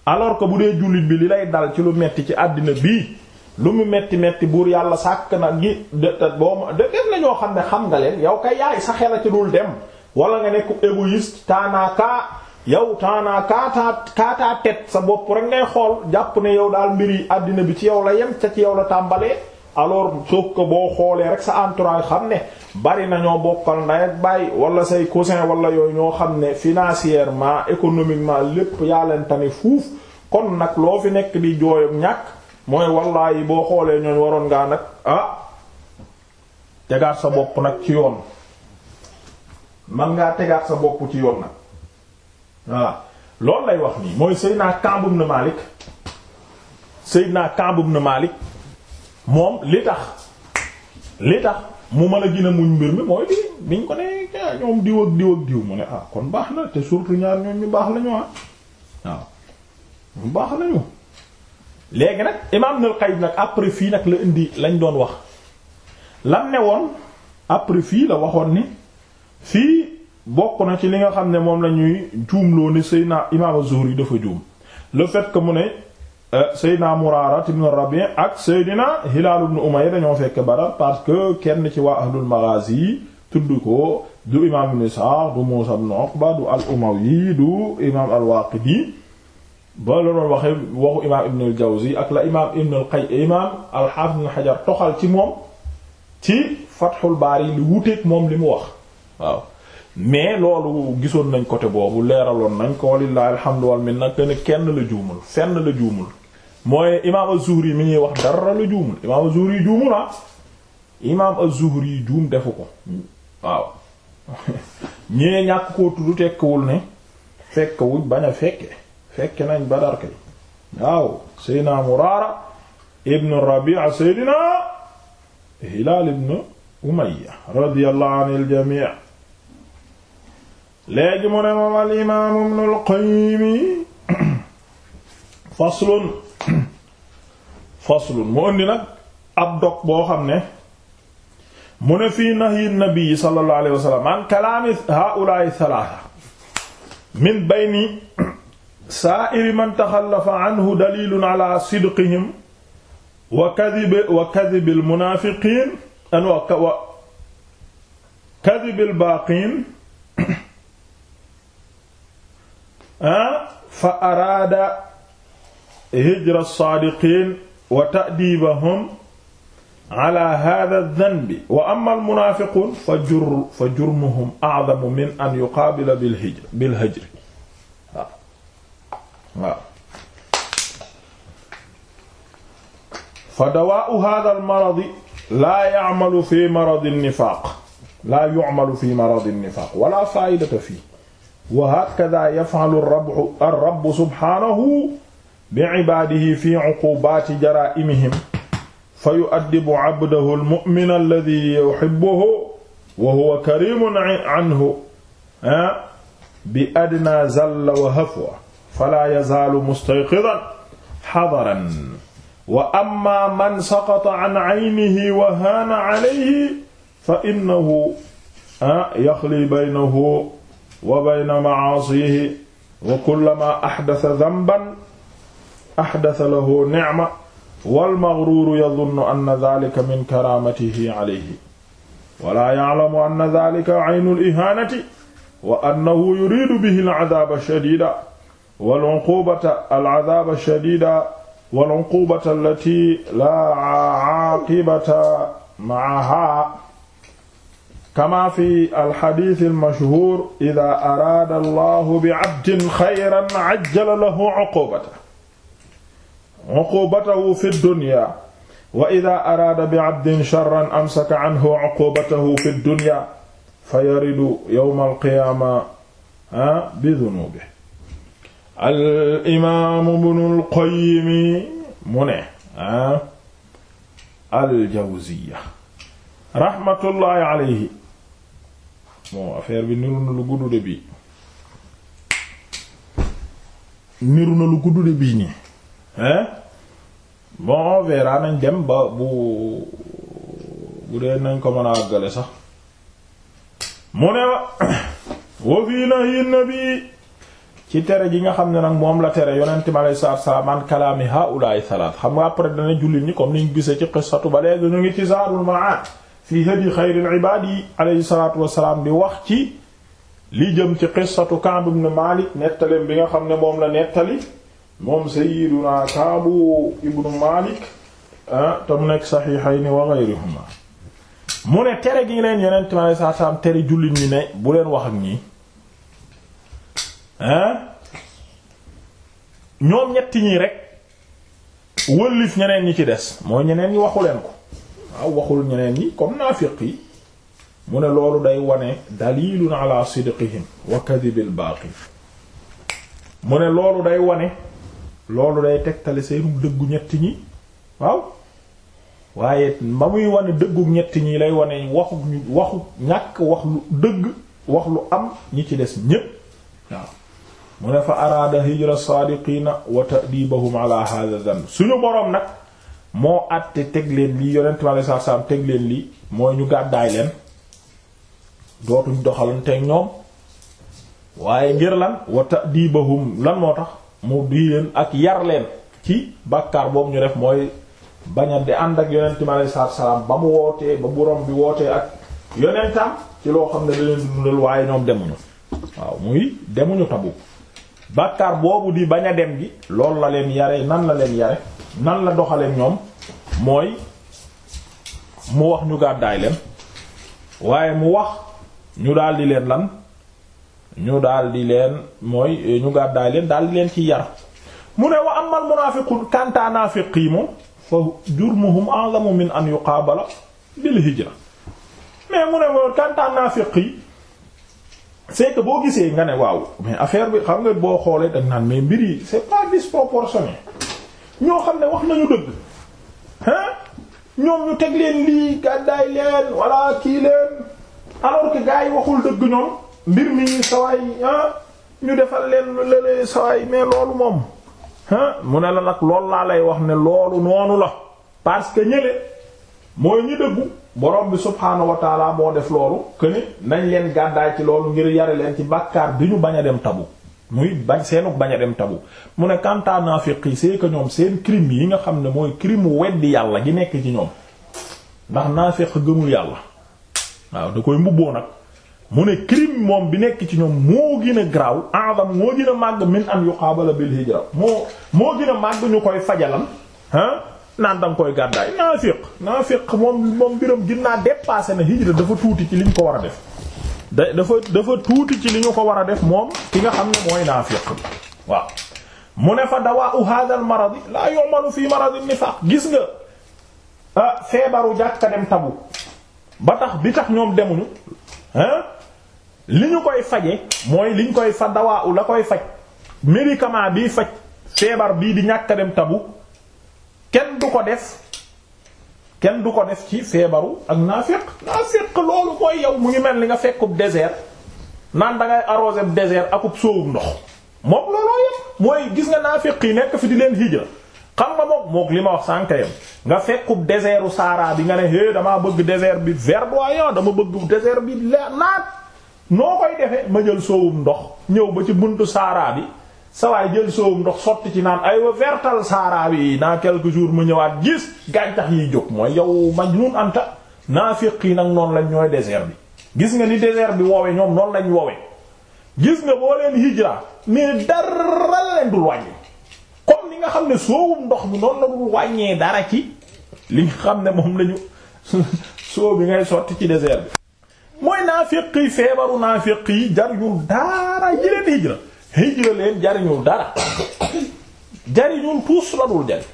alors que bu dee jullit bi li lay dal ci lu metti ci àddina bii lu mu metti metti buur yàlla sàkk na ngi de boo de def na ñoo xam ne xam nga leen yow kay yaay sa xela ci dul dem wala nga nekk égoïste taanaakaa yow taanaaka taa kaataa tet sa bopp rek ngay xool jàpp ne yow daal mbir àddina bi ci yow la yem ca ci yow la tàmbalee alors sauf que boo xoolee rek sa entourage xam ne bari na bokkal ndey ak baay wala say cousin wala yooyu ñoo xam ne financièrement économiquement lépp yaa leen tane fuuf kon nag loo fi nekk di jooyam ñàkk mooy wallaahi boo xoolee ñooñ waroon ngaa nag ah tegaat sa bopp nag ci yoon man ngaa tegaat sa bopp ci yoon nag voilà loolu lay wax nii mooy Seydina Ka'b ibn Malik Seydina Ka'b ibn Malik moom li tax li tax mu mën a gën a muñ mbir mi mooy bi biñ ko ne ah, ñoom diw ak diw ak diw mu ne ah kon baax na te surtout ñaar ñoom ñu baax lañu ah waaw ñu baax lañu léegi nag imaam Ibnul Qayyim nag après fii nag la indi lañ doon wax lan ne woon après fii la waxoon ni fii bokk na ci li nga xam ne moom lañuy ñuy juumloo ni naa imaam Az-Zuhri dafa juum le fait que mu ne Euh, Seydina Muraara ibn Rabi ak Seydina Hilaal ibn Umayya dañoo fekk Badar parce que kenn ci waa ahlul maghazi yi tudd ko du imaam ibn Isaaq du Muusaa ibn Uqba du al-Umawi du imaam al-Waaqidi ba la waxee waxu imaam ibn al-Jawzi ak ibn imaam al-Haafiz ibn toxal ci moom ci Fathul Baari li wuteeg moom li mu wax waaw mais loolu gisoon nañ côté boobu leeraloon nañ ko wallaahi alhamdu wal minna kenn la juumul fenn la juumul. mooy imaam az-Zuhri mi ñuy wax dara lu juumul imaam az-Zuhri ah. juum defu ko waaw ñee ñàkk koo tudd tekkiwul ne fekk wuñ bañ fekke fekke nañ Badar kay waaw Seydina Muraara ibnu Rabi'a Seydina Hilaal ibnu Umayya radiyallahu anil jamii léegi mu ne moom al imaam Ibnul Qayyim [clears throat] faslun [clears throat] faslun mu indi nag ab dog boo xam ne mu ne fii nahyi nabi sallallahu alayhi wa sallam an kalaami haa'ulaa'i thalaatha min bayni [clears throat] saa'iri man taxallafa anhu daliilun ala sidqihim wa kadhibi wa kadhibi al-munaafiqiin wa kadhibi al-baaqiin [clears throat] ah, fa araada hijra saadiqin wa ta'diibahum ala hada danbi wa ama almunaafiqun fa jur fa jurmuhum a'zamu min an yuqaabila bil hijr bil hijr waaw waaw fa dawaa'u hada almaradi laa ya'malu fi maradi nifaaq laa yu'malu fi maradi nifaaq wala faa'idata fiihi wa hakadha yaf'alu ar-rabb subhaanahu bi ibaadihi fi uqubaati jara'imihim fa yu'addibu abdahu al-mu'min alladhi yuhibbuhu wa huwa karimun anhu bi adna zalla wa hafwa fala yazaalu mustayqidan hadaran wa amma man saqata an aynihi wa haana alayhi fa innahu yaxli baynahu wa bayna ma'aasihi wa kullamaa ahdatha dhanban ahdasa lahu ni'ma wal maghruuru yadunnu anna dhalika min karaamatihi alayhi wala ya'lamu anna dhalika aynu al-ihaanati wa annahu yuriidu bihi al-'adaaba ash-shadiida wal-'uquubata al-'adaaba ash-shadiida wal-'uquubata allatii laa 'aaqibata ma'ahaa kamaa fi al-hadiith al-mashhuur idhaa araada Allahu bi'abdin khayran 'ajjala lahu 'uquubatahu uqubatahu fi dunya wa ida araada bi abdin sharran amsaka anhu uqubatahu fi dunya fa yaridu yawma alqiyaama bi dunuubi al imaamu bnu lqoyimi mu ne ah aljawziya rahmatullahi aleyhi bon affaire bi niru na lu gudd de bii niru na lu gudd de bii nii hein bon on nañ dem ba bu bu dee nañ ko mën a àggale sax mu ne wa [coughs] fii nahyi nabi ci tere ji nga xam ne nag moom la tere yonent mi aleyhi salaatu salaam an kalaami haa'ulaa'i salaat xam nga après dana jullit ñi comme liñ gisee ci qissatu ba léegi ñu ngi ci Zaadul Ma'aad fii hadyi xayril ibaad yi aleyhi salaatu wassalaam di wax ci li jëm ci qissatu Ka'b ibn Maalik nettaleem bi nga xam ne moom la nettali moom sayyiduna Kaabu ibnu Malik ah, te mu nekk saxiixayni wa ghayrihimaa mu ne tere gi leen yonent mi alayhi salaatu tere jullit ñi ne bu leen wax ak ñii ah, ñoom ñetti ñii rek wëllif ñeneen ñi ci des mooy ñeneen ñi waxu leen ko waaw waxul ñeneen ñi comme naafiq yi mu ne loolu day wane dalilun ala sidqihim wa kadhibil baaqi mu ne loolu day wane loolu day tegtale seenum dëggu ñetti ñi waaw waaye ba muy wane dëggu ñetti ñi lay wone waxu waxu ñàkk wax lu dëgg wax lu am ñi ci des ñépp waaw mu ne fa araada hijra saadiqina wa ta'dibahum ala hadha dhanb suñu boroom nag moo àtte teg leen lii yonent mi alayhi salaatu salaam teg leen lii mooy ñu gàddaay leen dootuñ doxalanteeg ñoom waaye ngir lan wa ta'dibahum lan moo tax mu di leen ak yar leen ci bàkkaar boobu ñu def mooy baña di ànd ak yonent mi ba mu wootee ba borom bi wootee ak yonentam ci loo xam ne da leen dundal waaye ñoom demuñu waaw muy demuñu tabu bàkkaar boobu di bañ a dem gi loolu la leen yare nan la leen yare nan la doxaleen ñoom mooy mu wax ñu gàddaay leen waaye mu wax ñu daldi leen lan ñu daal di leen mooy eh, ñu gàddaay leen daal di leen ci yar mu ne wa amal munaafiqun kanta naafiq yi mu fa jurmuhum a'lamu min an yuqaabala bil hijra mais mu ne moom kanta naafiq yi c'est que boo gisee nga ne waaw mais affaire bi xam nga boo xoolee dañ naan mais mbir yi c'est pas disproportionné ñoo xam ne wax nañu dëgg hein ñoom ñu teg leen lii gàddaay leen walla kii leen alors que gars yi waxul dëgg ñoom. mbir mi sawaay ah ñu defal leen lële sawaay mais loolu moom ah, mu ne la nag loolu laa lay wax ne loolu noonu la parce que ñële mooy ñi dëggu borom bi subhaanahu wa moo def loolu que nañ leen gàddaay ci loolu ngir yare leen ci bàkkaar bi ñu bañ a dem tabu muy bañ seenu bañ a dem tabu mu ne kanta naafiq yi c'est que ñoom seen crime yi nga xam ne mooy crime weddi yàlla gi nekk ci ñoom ndax naafiq gëmul yàlla waaw da koy mbubboo nag mu ne crime moom bi nekk ci ñoom moo gën a graw adam moo gën màgg min an yuqaabala bil hijra moo moo gën a màgg ñu koy fajalan ah naan da koy gàddaay naafiq naafiq moom moom mbiram gën naa dépassé na dafa tuuti ci li ko war a def da dafa dafa tuuti ci li ñu ko war a def moom ki nga xam ne mooy naafiq waaw mu ne fa dawa'u hadha al marad la yu'malu fi marad an nifaq gis nga ah feebaru jàkka dem tabu ba tax bi tax ñoom demuñu ah li ñu koy faje mooy liñ koy fa dawaa la koy faj médicament bi faj feebar bii di ñàkk dem tabu kenn du ko def kenn du ko def ci feebaru ak naafiq naafiq loolu mooy yow mu ngi mel ni nga fekkub désert naan da ngay arrosé désert akub sóowub ndox moom looloo yëpp mooy gis nga naafiq yi nekk fi di leen hijra xam nga moom mook li ma wax sànkayam nga fekkub désertu Sahara bi nga ne é damaa bëgg désert bi verdoyant dama bëgg désert bi leer naat noo koy defee ma jël soowum ndox ñëw ba ci buntu saaraa bi sawaay jël soowum ndox sotti ci naan ay wa saaraa bi naa quelques jour mu ñëwaat gis gàncax yi jóg mooy yow majnun anta naafiq yi nag noonu lañ ñooy désert bi gis nga ni désert bi woowe ñoom noonu lañ woowe gis nga boo leen hijra mais dara leen dul wàññi comme ni nga xam ne soowum ndox mi noonu la dul wàññee dara ci li nga xam ne moom lañu [laughs] soo bi ngay sotti ci désert bi mooy naaféq yi feebaru naaféq yi jariñu dara yi leen hijra hijra leen jariñu dara jariñul tuus la dul jariñ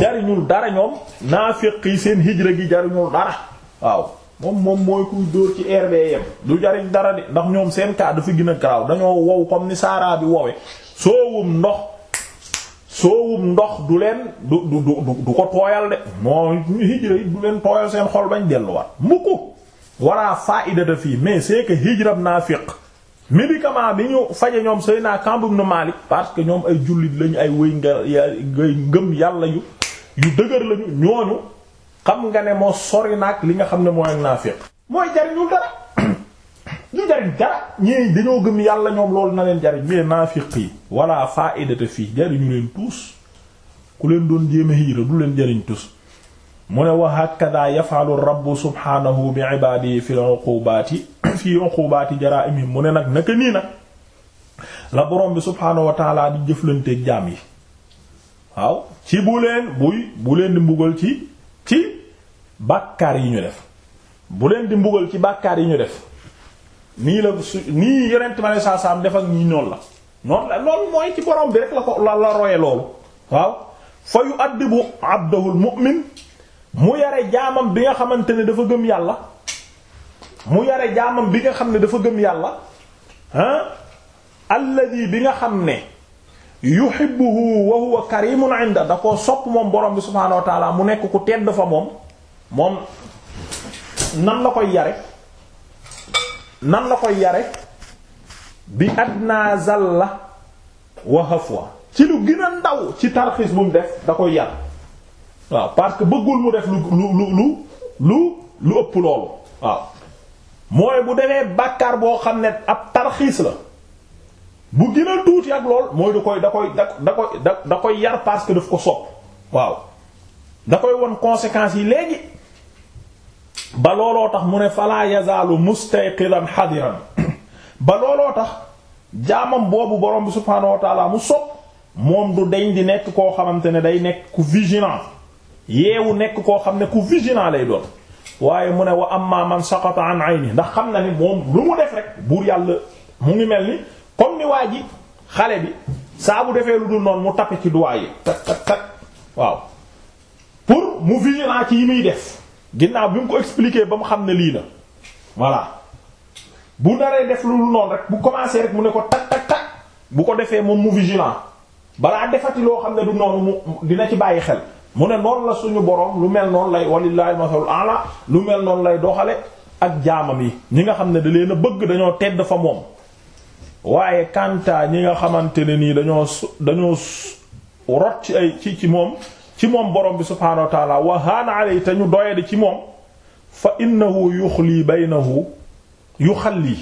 jariñul dara ñoom naaféq yi seen hijra gi jariñul dara waaw moom moom mooy kuy dóor ci RBM du jariñ dara de ndax ñoom seen cas dafa gën a garaaw dañoo wow comme ni saaraa bi wowe soowum ndox soowum ndox du leen du du du du ko tooyal de moo hijra yi du leen tooyal seen xol bañ delluwaat mukk wala faidata fii mais c'est que hijrab naafiq médicament bi ñu faje ñoom sëy naa kambum nu Malik parce que ñoom ay jullit lañu ay wëy nga ngëm yàlla yu yu dëgër lañu ñooñu xam nga ne moo sori naag li nga xam ne mooy naafiq mooy jariñul dara [coughs] ñu jariñ dara ñii dañoo gëm yàlla ñoom loolu na leen jariñ mais naafiq yi wala faidata fii jariñu leen tuus ku leen doon jéem a du leen jariñ tuus mu ne wa hakada yafalu rabbu subhaanahu bi ibaadihi fi uqubaati [clears throat] fi uqubaati jaraa'imihim mu ne nag naka nii nag la borom bi subhaanahu wa di jëflanteeg jaam yi waaw ci bu leen buy bu leen di mbugal ci ci bàkkaar yi ñu def di mbugal ci bàkkaar yi ñu def nii la su nii yonent ma ne saa saam def ak ñi noonu la noonu la loolu mooy ci borom bi rek la ko la la roye loolu waaw fa yu addibu abdahul mu'min mu yare jaamam bi nga xamante ne dafa gëm yàlla mu yare jaamam bi nga xam ne dafa gëm yàlla ah alladi bi nga xam ne yuhibbuhu wa huwa karimun inda da koo sopp moom borom bi subhaanahu wa mu nekk ku tedd fa moom moom nan la koy yare nan la koy yare bi adna zalla wa hafwa ci lu gën a ndaw ci tarxiis bu mu def da koy yar waaw parce que bëggul mu def lu lu lu lu lu ëpp loolu waaw mooy bu demee bàkkaar boo xam ne ab tarxiis la bu gën a tuuti ak lool mooy da koy da koy da koy da koy yar parce que daf ko sopp waaw da koy won conséquences yi léegi ba looloo tax mu ne fala yazaalu mustayqidan hadiran [coughs] ba looloo tax jaamam boobu borom bi subhaanahu mu sopp moom du deñ di nekk koo xamante ne day nekk ku vigilant yeewu nekk koo xam ne ku vigilant lay doon waaye mu ne am amma man saqata an ayni ndax xam na ni moom lu mu def rek buur yàlla mu ngi mel ni comme ni waa ji xale bi saa bu defee lu dul noon mu tappe ci doigt yi tak tak waaw pour mu vigilant ci yi muy def ginnaaw bi ko expliqué ba mu xam ne lii la voilà bu naree def lu dul rek bu commencé rek ne ko tak tak bu ko defee mun mu vigilant balaa defati loo xam ne du noonu mu dina ci bàyyi xel mu ne noonu la suñu borom lu mel noonu lay walillahi masalul ala lu mel noonu lay doxale ak jaamam yi ñi nga xam ne da leen a bëgg dañoo tedd fa moom waaye kantaa ñi nga xamante ne nii dañoo dañoo rot ci ay ci moom ci moom borom bi subhaanahu wa taala wa haana alay te ñu doyadi ci moom fa innahu yuxli baynahu yuxalli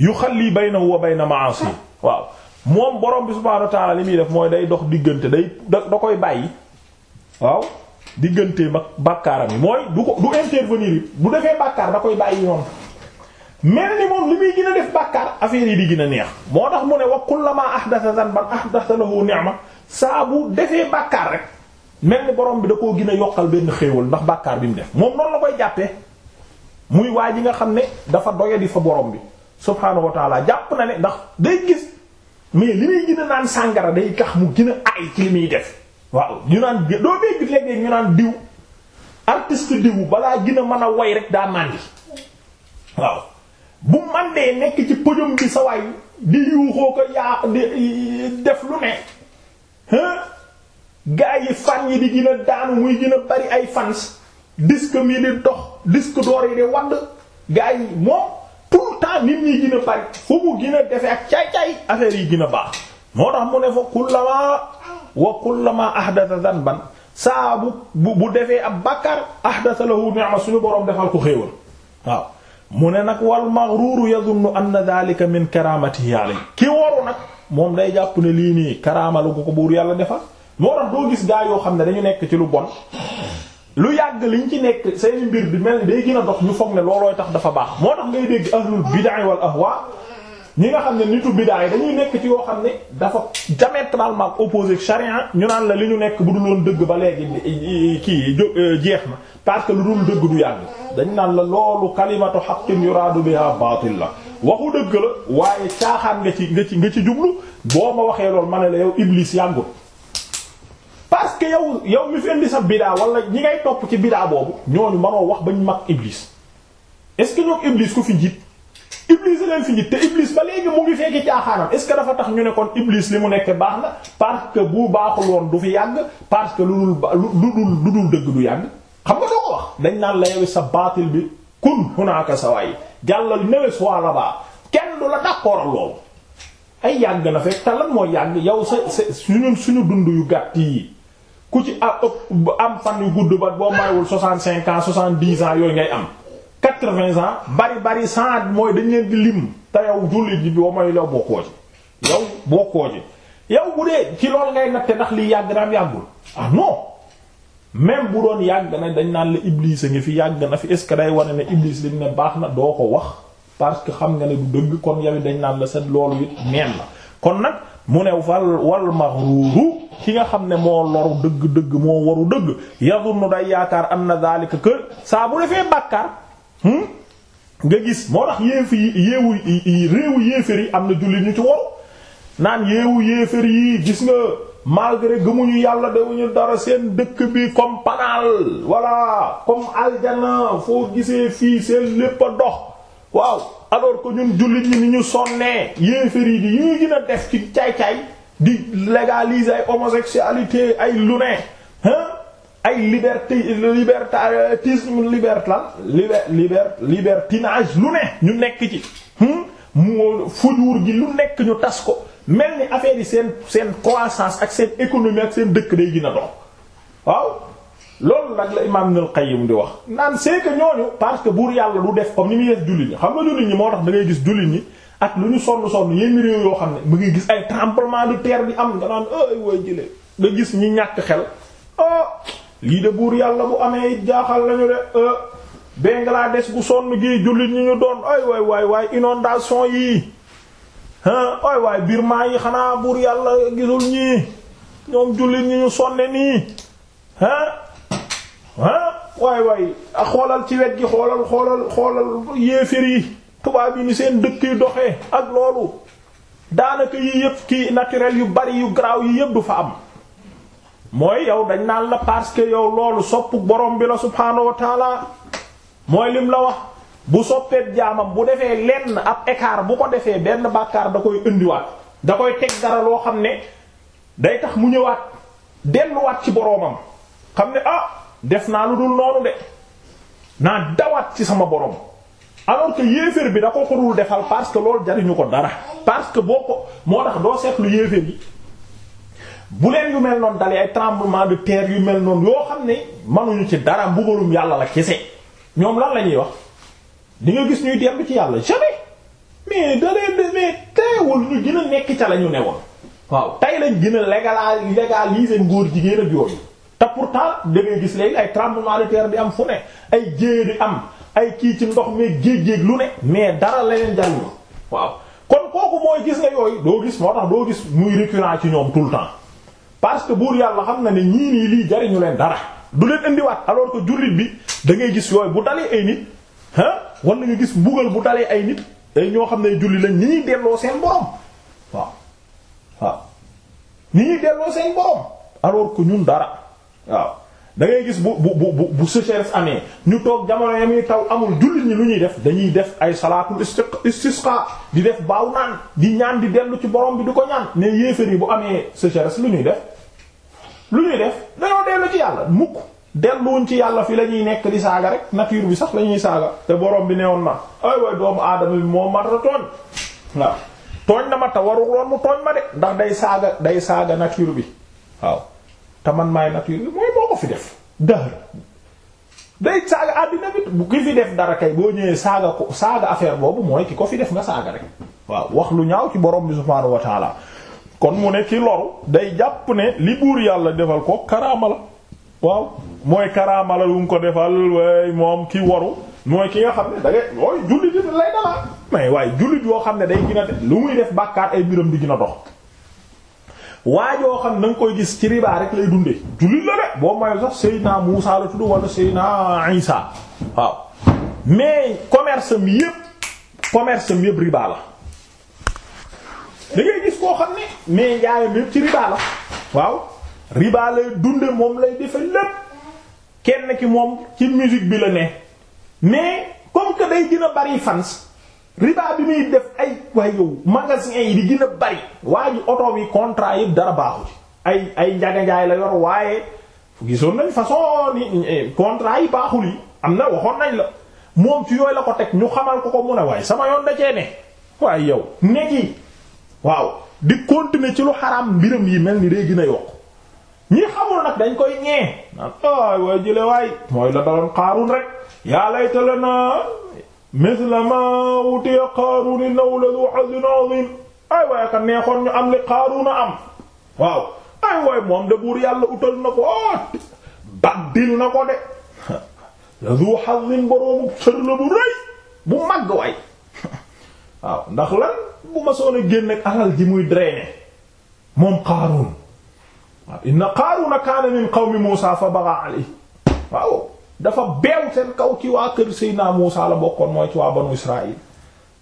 yuxalli baynahu wa bayna maasi waaw moom borom bi subhaanahu wa taala li muy def mooy day dox diggante day da koy bàyyi waaw diggante ak bàkkaaram yi mooy du ko du intervenir yi bu defee bàkkaar da koy bàyyi noonu mel ni moom li muy gën def bàkkaar affaire yi di gën a neex moo tax mu ne wa kullama ahdatha dhanban ahdatha lahu ni'ma saa bu defee bàkkaar rek mel borom bi da koo gën a yokkal benn xéewal ndax bàkkaar bi mu def moom noonu la koy jàppee muy waa yi nga xam ne dafa doya fa borom bi subhaanahu wa jàpp na ne ndax day gis mais li muy gën naan sàngara day tax mu gën aay ci li muy def waaw ñu naan doo dégg léeg-léeg ñu naan diw artiste diw balaa gën a mën a way rek daa màndi waaw bu màndee nekk ci podium bi sa waay di yuuxoo ko yaa di def lu ne gaa yi fan yi di gën a daanu muy gën a bari ay fans disque mi di dox disque d'or yi di wadd gaa yi moom tout le temps nit ñi gën a bari fu mu gën a defee ak caay-caay affaire yi gën a baax moo tax mu ne fa kullama wa kullama ahdata zanban saa bu bu bu defee ab bàkkaar ahdata lahu ni'ma suñu boroom defal ko xéewal waaw mu ne nag wal maghruru yadhunnu anna dhalika min karamatihi alayhi ki waru nag moom day jàpp ne lii nii karaama buur yàlla defal moo tax doo gis gaa yoo xam ne dañu nekk ci lu bon lu yàgg liñ ci nekk seen mbir bi mel ni day gën a dox ñu foog ne loolooy tax dafa baax moo tax ngay dégg ahlul bid'a wal ahwa ñi nga xam ne nitu bidaa yi dañuy nekk ci yoo xam ne dafa diamétralement opposé charia ñu naan la li ñu nekk bu dul woon dëgg ba léegi kii euh, jeex na parce que lu dul dëgg du yàgg dañ naan la loolu kalimatu haqqin yuraadu biha baatil la waxu dëgg la waaye caaxaan nga ci nga ci nga ci jublu boo ma waxee loolu ma ne la yow iblis yàggul parce que yow yow mi fi indi sa bidaa wala ñi ngay topp ci bidaa boobu ñooñu mënoo wax bañ mag iblis est-ce que ñoom iblis ku fi jiit Iblis leen fi njiit te Iblis ba léegi mu ngi fekk caaxaanam est ce que dafa tax ñu ne kon Iblis li mu nekk baax na parce bu baaxul woon du fi yàgg parce que lu dul lu dul lu dul dëgg du yàgg xam nga doo ko wax dañ naan la yow sa baatil bi kun hunaaka sa waay jàllal nele soit la baa kenn du la d'accord loolu ay yàgg na fekk talan moo yàgg yow sa sa suñu dund yu gàtt yi ku ci am fan yu gudd ba boo mayul soixante-cinq ans soixante-dix ans yooyu ngay am quatre-vingts ans bari bari cent mooy dañ leen di lim te yow jullit bi boo mooy yow bokkoo ci yow bokkoo ci yow bu dee ci loolu ngay natte ndax lii yàgg na am yàggul ah non même bu doon yàgg na dañ naan la Iblis a ngi fi yàgg na fi est ce que day wane ne Iblis dañ ne baax na doo ko wax parce que xam nga ne du dëgg kon yow dañ naan la seen loolu it neen la kon nag mu ne wal wal maghruru ki nga xam ne moo loru dëgg dëgg moo waru dëgg yadunnu day yaakaar am na daalika kër saa bu defee bàkkaar Hmm? nga gis moo tax yéefu yéewu réewu yéefér yi am na jullit ñu ci waru naan yéewu yéefér yi gis nga malgré gëmuñu yàlla dewuñu dara seen dëkk bi comme panaal walla comme aljana foo gisee fii seen lépp a dox waaw alors ko ñun jullit ñi ni ñu sonnee yéefér yi di yi gën a def ci caay-caay di légaliser ay homosexualité ay lu ne ay liberté libertarisme libertal liber libertinage lu ne ñu nekk ci hmm? mu fujuur gi lu nekk ñu tas ko mel ni affaire yi seen seen croissance ak seen économie ak seen dëkk day gën a dox waaw loolu nag la xay Ibnul Qayyim di wax naan c'est que ñooñu parce que buur yàlla du def comme ni muy def jullit ñi xam nga jullit ñi moo tax da ngay gis jullit ñi ak lu ñu sonn sonn yenn réew yoo xam ne mu ngi gis ay tremblement de terre bi am nga naan ay way jëlee nga gis ñi ñàkk xel oh! lii de buur yàlla bu amee jaaxal nañu de euh, Bangladesh bu sonn gii jullit ñi ñu doon ay waay waay waay inondation yii ay waay Birma yi xanaa buur yàlla gisul ñii ñoom jullit ñi ñu sonne nii waay waay xoolal ci wet gi xoolal xoolal xoolal yéefér yi tubaab yi ni seen dëkk yi doxee ak loolu daanaka yi yëpp kii naturel yu bari yu garaaw yi yépp du fa am mooy yow dañ naan la parce que yow loolu soppu boroom bi la subhaanahu wa taala mooy lim la wax bu soppeeb jaamam bu defee lenn ab écart bu ko defee benn bàkkaar da koy indiwaat da koy teg dara loo xam ne day tax mu ñëwaat delluwaat ci boroomam xam ne ah def naa lu dul noonu de naa dawaat ci sama borom alors que yéeféer bi da ko ko dul defal parce que loolu jariñu ko dara parce que boo ko moo tax doo seetlu yéeféer yi bu leen yu mel noonu dalee ay tremblement de terre yu mel noonu yoo xam ne mënuñu ci dara mbugalum yàlla la kese ñoom lan la ñuy wax di nga gis ñuy dellu ci yàlla jamais mais da leen mais nekk ca la ñu newoon waaw tey lañ gën a légal légaliser ngóor jigéen ak yooyu te pourtant da ngay gis léegi ay tremblement de terre di am fu ay jéey am ay kii ci ndox mi géej lu ne mais dara la leen jariñu waaw kon kooku mooy gis nga yooyu doo gis moo tax doo gis muy récurrent ci ñoom tout le temps parce que buur yàlla xam na ni ñii nii lii jariñu leen dara du leen indiwaat alors que jullit bi dangay gis yooyu bu dalee ay nit ah wala nga gis mbugal bu dalee ay nit ay ñoo xam ne julli lañ ni ñuy delloo seen borom waaw waaw ñuy delloo seen borom alors ñun dara waaw da ngay gis bu bu bu bu amee ñu toog jamono ya muy taw amul jullit ñi lu ñuy def dañuy def ay salaatul istisqa di def baaw naan di ñaan di dellu ci borom bi du ko ñaan ne yéefar yi bu amee sécheresse lu ñuy def. lu ñuy def dañoo dellu ci yàlla mukk delluwuñ ci yàlla fi la ñuy nekk di saaga rek nature bi sax lañuy ñuy saaga te borom bi newoon na ay way doomu aadama bi moom mat a tooñ waaw tooñ na ma te warul woon mu tooñ ma de ndax day saaga day saaga nature bi waaw te man maay nature bi mooy moo ko fi def dëxër day saaga àddina bi ki fi def dara kay boo ñëwee saaga ko saaga affaire boobu mooy ki ko fi def nga saaga rek waaw wax lu ñaaw ci borom bi subhaanahu wa kon mu ne ki loru day jàpp ne li buur yàlla defal ko karaama la waaw mooy karaama la lu mu ko defal waaye moom ki waru mooy ki nga xam ne da ngay jullit yi lay dalaa mais waaye jullit yoo xam ne day gën a lu muy def bàkkaar ay biram di gën a dox waa joo xam ne da nga koy gis ci ribaa rek lay dundee jullit la de boo may sax Seydina Muusaa la tudd wala Seydina Isaa waaw mais commerce yépp commerce yépp ribaa la da gis koo xam ne mais njaayam yépp ci riba la waaw riba lay dunde moom lay defe lépp kenn ki moom ci musique bi la ne mais comme que day gën a bari fans riba bi muy def ay waaye yow magasin yi di gën bari waa ji oto bi contrat yi dara baaxu ci ay ay njaganjaay la yor waaye gisoon nañ façon ni eh, contrat yi baaxul yi am na waxoon nañ la moom ci yooyu la ko teg ñu xamal ko ko mu a waaye sama yoon da cee ne waaye yow nekki waaw di continuer ci lu xaraam mbiram yi mel ni day gën a yokk xamul nag dañ koy ñee naan ay waay jële waay mooy la daloon Qaarun rek yaa layta lanaa mithla maa utiya Qaaruun innahu lazuu hazzin aziim ay waay ka neexoon ñu am li Qaaruun a am waaw ay waay moom de buur yàlla utal na ko baddil na ko de lazuu [laughs] hazzin boroomu sër la bu rëy bu màgg waay waaw ndax lan bu ma soon a génn ak alal ji muy drainer moom Qaaruun waaw inna Qaaruuna kaana min qawmi Muusaa fa baghaa alayhi waaw dafa beew seen kaw ci waa kër Seydina Muusaa la bokkoon mooy ci waa banu Israaïl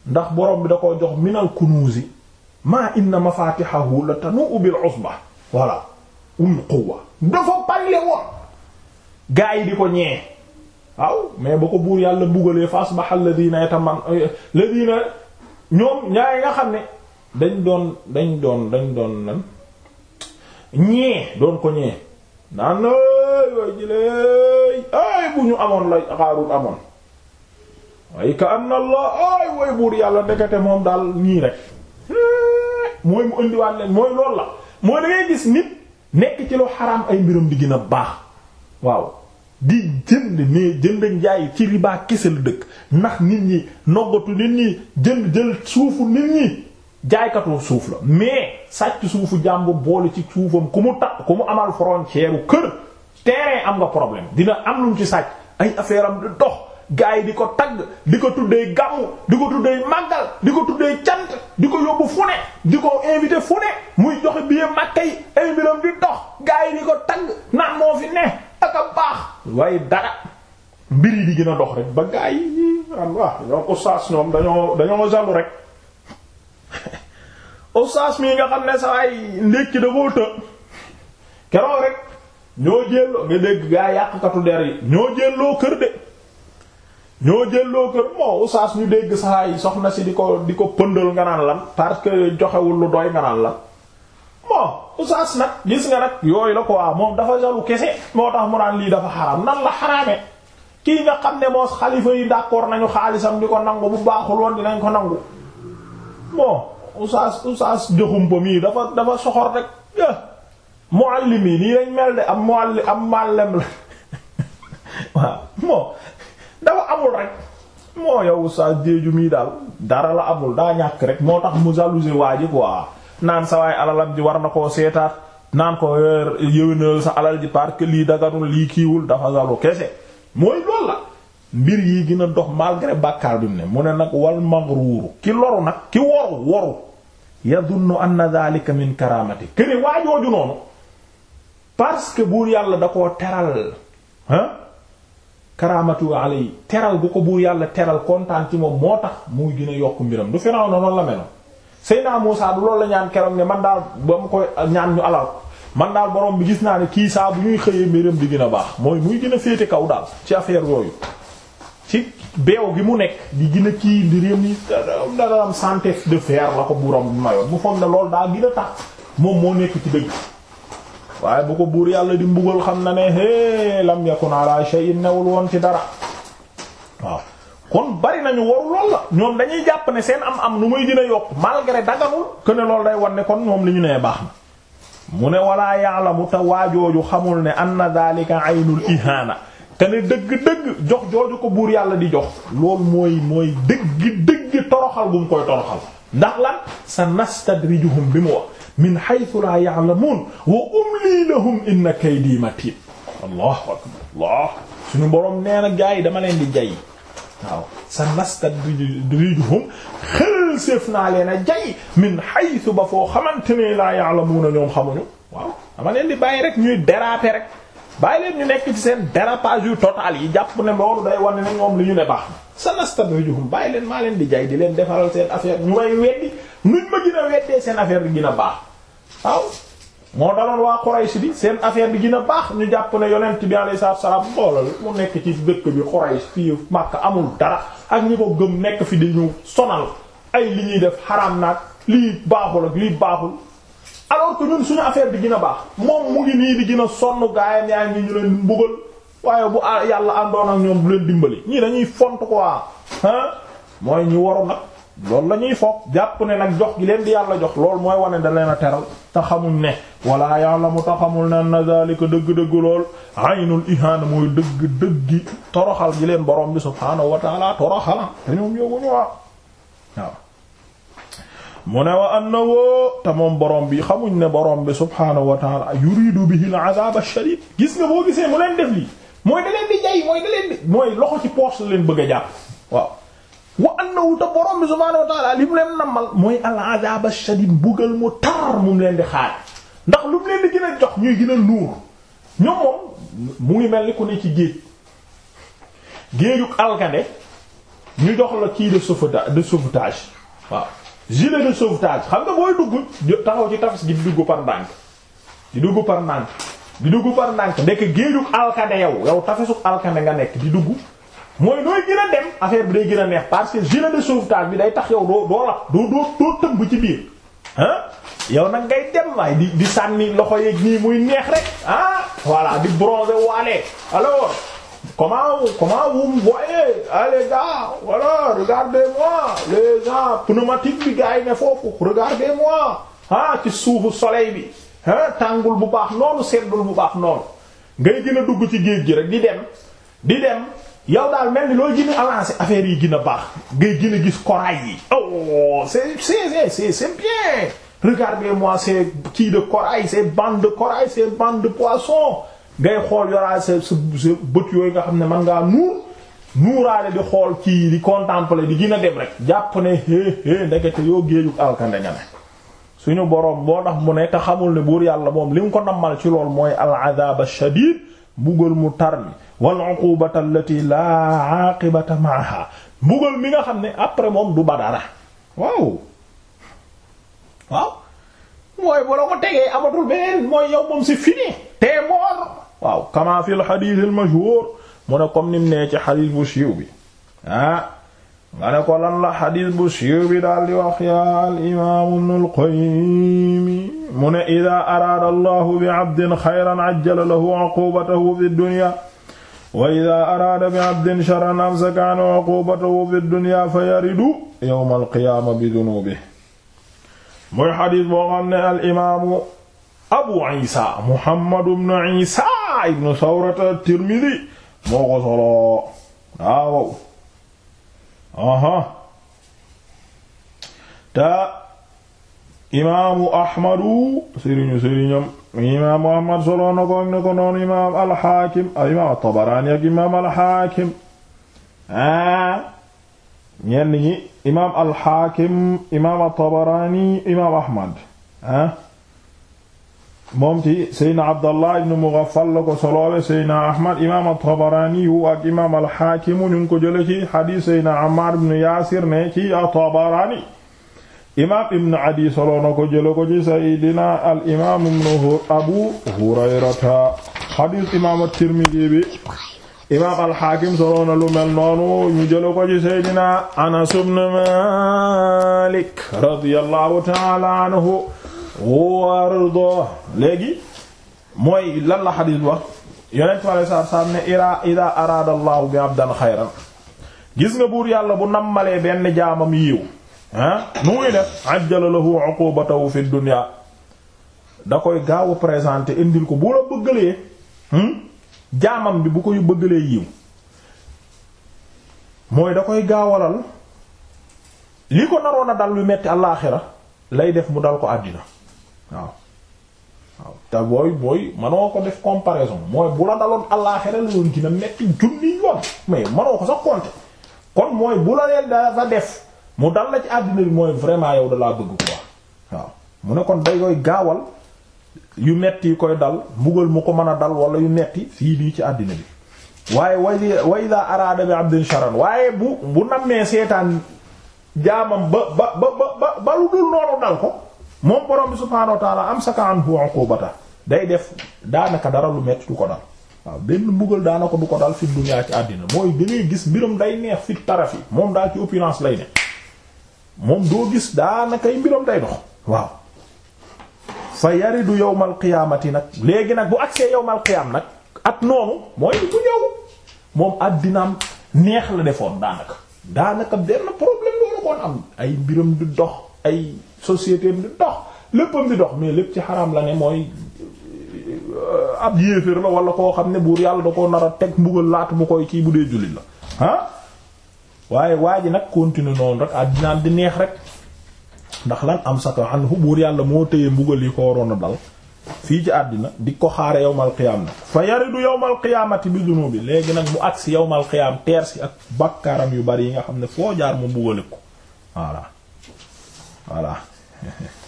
ndax borom bi da koo jox minal kunuuzi maa inna mafaatihahu latanuu'u bil usba voilà ul um quwwa dafa bale woon gaa yi di ko ñee waaw mais ba ko buur yàlla bugalee fa asbaha alladhiina yataman eh, alladhiina ñoom ñaay nga xam ne dañ doon dañ doon dañ doon lan ñee doon ko ñee naan ay way jëley ay bu ñu amoon la xaarul amoon waaye ka am na la ay way buur yàlla ndekete moom daal nii rek mooy mu indiwaat leen mooy lool la moo da ngay gis nit nekk ci lu xaraam ay mbiram di gën a baax waaw di jënd mais jënd njaay ci ribaa kese la dëkk ndax nit ñi noggatu nit ñi jënd jël suufu nit ñi jaaykatoo suuf la mais sàcc suufu jàmbur boole ci suufam ku mu ta ku mu amal frontière kër terrain am nga problème dina am lu mu ci sàcc ay affaire am di dox gars yi di ko tagg di ko tuddee gàmmu di ko tuddee màggal di ko tuddee cant di ko yóbbu fu ne di ko invité fu ne muy joxe billet màkka yi ay di dox gars yi di ko tagg naan moo fi ne ak baax waaye dara mbir yi di gën dox rek ba gaa yi am waa ñoom ñoom dañoo dañoo jalu rek [laughs] ustaas mii nga xam ne sa ay ndékki dafoo të keroog rek ñoo jélloo nga dégg gaa yàqkatu der yi ñoo jélloo kër de ñoo jélloo kër moo ustaas ñu dégg saxaay soxna si di ko di ko pëndal nga naan lan parce que joxewul lu doy nga naan lan bon usaas nag gis nga nag yooyu la quoi moom dafa jalu kese moo tax mu naan lii dafa xaraam nan la xaraamee kii nga xam ne moo xalifa yi d'accord nañu xaalisam di ko nangu mu baaxul woon dinañ ko nangu bon usaas usaas joxumpa mii dafa dafa soxor rek muallim yi nii lañ mel de am muallim am muallim la [laughs] waaw moo dafa amul rek moo yow usaas jeeju mii daal dara la amul daa ñàkk rek moo tax mu jalouser waa ji naan sa waay alalam ji war na koo seetaat naan ko yëwénal sa alal ji parce que lii daganul lii kiiwul dafa galu kese mooy loolu la mbir yi gën a dox malgré bàkkaar bi mu ne mu ne nag wal maghruuru ki loru nag ki woru woru yadunnu anna dhalika min karamati kene waajooju noonu parce buur yàlla da koo teral ah karamatu yi teral bu ko buur yàlla teral kontaan ci moom moo tax muy gën yokk mbiram du Firawna noonu la meloon Seydina Muusaa du loolu la ñaan keroog ne man daal ba mu koy ñaan ñu alal man daal borom bi gis naa ne kii saa bu ñuy xëyee mbiram di gën a baax mooy muy gën a féete kaw daal ci affaire yooyu ci beew gi mu nekk di gën a kii mbiram yi dara am santé de fer la ko buuram bi mayoon mu foog ne loolu daa gën a tax moom moo nekk ci dëgg waaye bu ko buur yàlla di mbugal xam na ne hé lam yakun ala shay'in newul woon ci dara waaw kon bari nañu waru lool la ñoom dañuy jàpp ne seen am-am nu muy dina yokk malgré daganul que ne loolu day wan ne kon ñoom li ñu nee baax na mu ne walaa yaalamu te waajooju xamul ne anna daalika aynul ihaana te ne dëgg-dëgg jox jooju ko buur yàlla di jox loolu mooy mooy dëgg dëgg toroxal bu mu koy toroxal ndax lan sa nastadrijuhum bi mu wax min haythu laa ya'lamuun wa umlii lahum inna kaydii matiin allahu akbar allah suñu boroom nee na gaa yi dama leen di jay waaw sa nastat rijuhum xel séef naa leen a jay min haythu ba foo xamante ne laa ya'lamuna ñoom xamuñu waaw dama leen di bàyyi rek ñuy déraper rek bàyyi leen ñu nekk ci seen dérapage yu total yi jàpp ne loolu day wane ne ñoom li ñu ne baax na sa nastat rijuhum bàyyi leen maa leen di jay di leen defaral seen affaire ñu may weddi nuñ ma gën a weddee seen affaire bi gën a baax waaw moo daloon waa Quraysh bi seen affaire bi gën a baax ñu jàpp ne yonent bi alayhi salaatu salaam xoolal mu nekk ci dëkk bi Quraysh fii Makka amul dara ak ñi ko gëm nekk fi di ñu sonal ay li ñuy def xaraam naag lii baaxul ak lii baaxul alors que ñun suñu affaire bi gën a baax moom mu ngi nii di gën sonn gaayam yaa ngi ñu leen mbugal waaye bu a yàlla àndoon ak ñoom bu leen dimbali ñii dañuy font ko hein mooy ñi waroon nag lool la ñuy foog jàpp ne nag jox gi leen di yàlla jox loolu mooy wane da leen a teral te xamuñ ne wala yàlla mu ta xamul ne na zalika dëgg-dëgg lool aynul dëgg dëggi toroxal gi leen borom bi subhaanahu wa taala toroxala te ñoom yóguñu ne wa annahu moom borom bi xamuñ ne borom bi subhaanahu wa taala yuridu bihi al-azaab ash-shadiid gis nga boo gisee mu leen def lii mooy da leen di jay mooy da leen di mooy loxo ci poche la leen bëgg a jàpp waaw wa annahu te borom bi subhaanahu wa ta'aala li mu leen nammal mooy al-azaab ash-shadiid mbugal mu tar mu leen di xaar ndax lu mu leen di gën jox ñuy gën a nuur ñoom moom mu ngi mel ni ku ne ci géej géejug alkande ñu jox la kii de sauvetage de sauvetage waaw gilet de sauvetage xam nga booy dugg taxaw ci tafas gi di dugg par ndànk di dugg par ndànk di dugg par ndànk nekk géejug alkande yow yow tafasug alkande nga nekk di dugg mooy nooy gën dem affaire bi day gën a neex parce que gilet de sauvetage bi day tax yow doo doo la doo doo doo tëmb ci biir ah yow nag ngay dem waaye di di sànni loxo yeeg nii muy neex rek ah voilà di bronzer waale alors comment comment vous me voyez ah les moi les gens pneumatique bi gars yi ne foofu regardez-moi ah ci suufu soleil bi ah tàngul bu baax noonu seddul bu baax noonu ngay gën dugg ci géej gi rek di dem di dem. yow daal mel ni looy gën a avancé yi gën a baax ngay gën gis corail yi oh c'est c'est c'est bien regardez-moi ces kii de corail ces bandes de corail ces bandes de poissons ngay xool yoraa sa sa bët yooyu nga xam ne mën ngaa nuur nuuraale di xool kii di contempler di gën a dem rek jàpp ne hé hé ndekete yoo géejug alkande nga ne suñu boroom boo tax mu ne te xamul ne buur yàlla moom li mu ko nammal ci lool mooy al adab ash-shadid mbugal mu tar mi wal uqubata allati laa aqibata maaha mbugal mi nga xam ni après moom du badara waaw waaw mooy bu tegee amatul beneen mooy yow moom c'est fini t'es mort waaw kama fil hadith al mashhur mu ne comme nim nee ci hadith siiw bi ah ma ne ko lan la xadiis bu siiw bi daal di wax yaa al imaamu ibnul qayyim mu ne idaa araada allahu bi abdin xayran ajjala lahu uqubatahu fi dunya wa idaa araada bi abdin sharran amsaka anhu uqubatahu fi dunya fa yaridu yawmal qiyaama bi dunuubihi mooy xadiis boo xam ne al imaamu abu isa muhammadu ibnu isa ibnu sawrata at-tirmidi moo ko solo waaw te imaamu ahmadu sëriñu sëriñam imaamu ahmad solo na ko ne ko noonu imaam alxaakim ah, imaam at-Tabaraani ak imaam alxaakim ah ñenn ñi imaam alxaakim imaam at-Tabaraani imaam ahmad ah. moom ci seydna abdallah ibn mughaffal la ko soloowe seydna ahmad imaam at-tabarani yu ak imaam al-hakim ñu ngi ko jële ci xadiis seydna ammar ibn yaasir ne ci at-tabarani imaam ibn adi soloo na ko jële ko ci seydna al imaam ibn abu hurayrata xadiis imaam at-tirmidhi bi imaam al-hakim soloo na lu mel noonu ñu jële ko ci seydna anas ibn malik radiyallahu ta'ala anhu warda léegi mooy lan la xadiis wax yonent bi ne ira ida araada bi abdan xayran gis nga buur yàlla bu nammalee benn jaamam yiw ah nu muy def ajjala lahu fi dunya da koy gaaw a indil ko bu la bëggalee hmm, jaamam bi bu koy bëggalee yiw mooy da koy gaawalal li ko naroon a dal lu metti alaaxira lay def mu dal ko àddina waaw waaw te booy booy manoo ko def comparaison mooy bu la daloon àllaaxira la doon gën a metti junni yoon mais manoo ko sax compter kon mooy bu la leen dafa def mu dal la ci àddina bi mooy vraiment yow dalaa bëgg quoi waaw mu ne kon day koy gaawal yu metti yi koy dal mbugal mu ko mën a dal walla yu metti fii nii ci àddina bi waaye wa iza araada bi abdin sharan waaye bu bu nammee seetaan jaamam ba ba ba ba ba lu dul noonu dal ko moom borom bi subhaanahu am ta'ala amsaka anhu uqubata day def daanaka dara lu metti du ko dal waaw benn mbugal daanaka du ko dal fi dunya ci àddina mooy da gis mbiram day neex fi taraf yi moom daal ci opulence lay ne moom doo gis daanakay mbiram day dox waaw fa yaridu yawmal qiyaamati nag léegi nag bu agsee yawmal qiyaam nag at noonu mooy bu la defoon daanaka daanaka am ay mbiram du dox ay société du dox léppam di dox mais lépp ci xaram la ne mooy euh, ab yéeféer la wala koo xam ne buur yàlla da ko nar a teg mbugal laat bu koy kii bu dee jullit la ah waaye waa ji nag continuer noonu rek àddinaan di neex rek ndax lan am saka xan fu buur yàlla moo téye mbugal yi ko waroon a dal fii ci àddina di ko xaare yowmal qiyaam nag fa yaridu yowmal qiyaamati bi dunubi léegi nag mu agsi yowmal qiyaam teer si ak bakkaaram yu bari yi nga xam ne foo jaar mu mbugale ko voilà [laughs]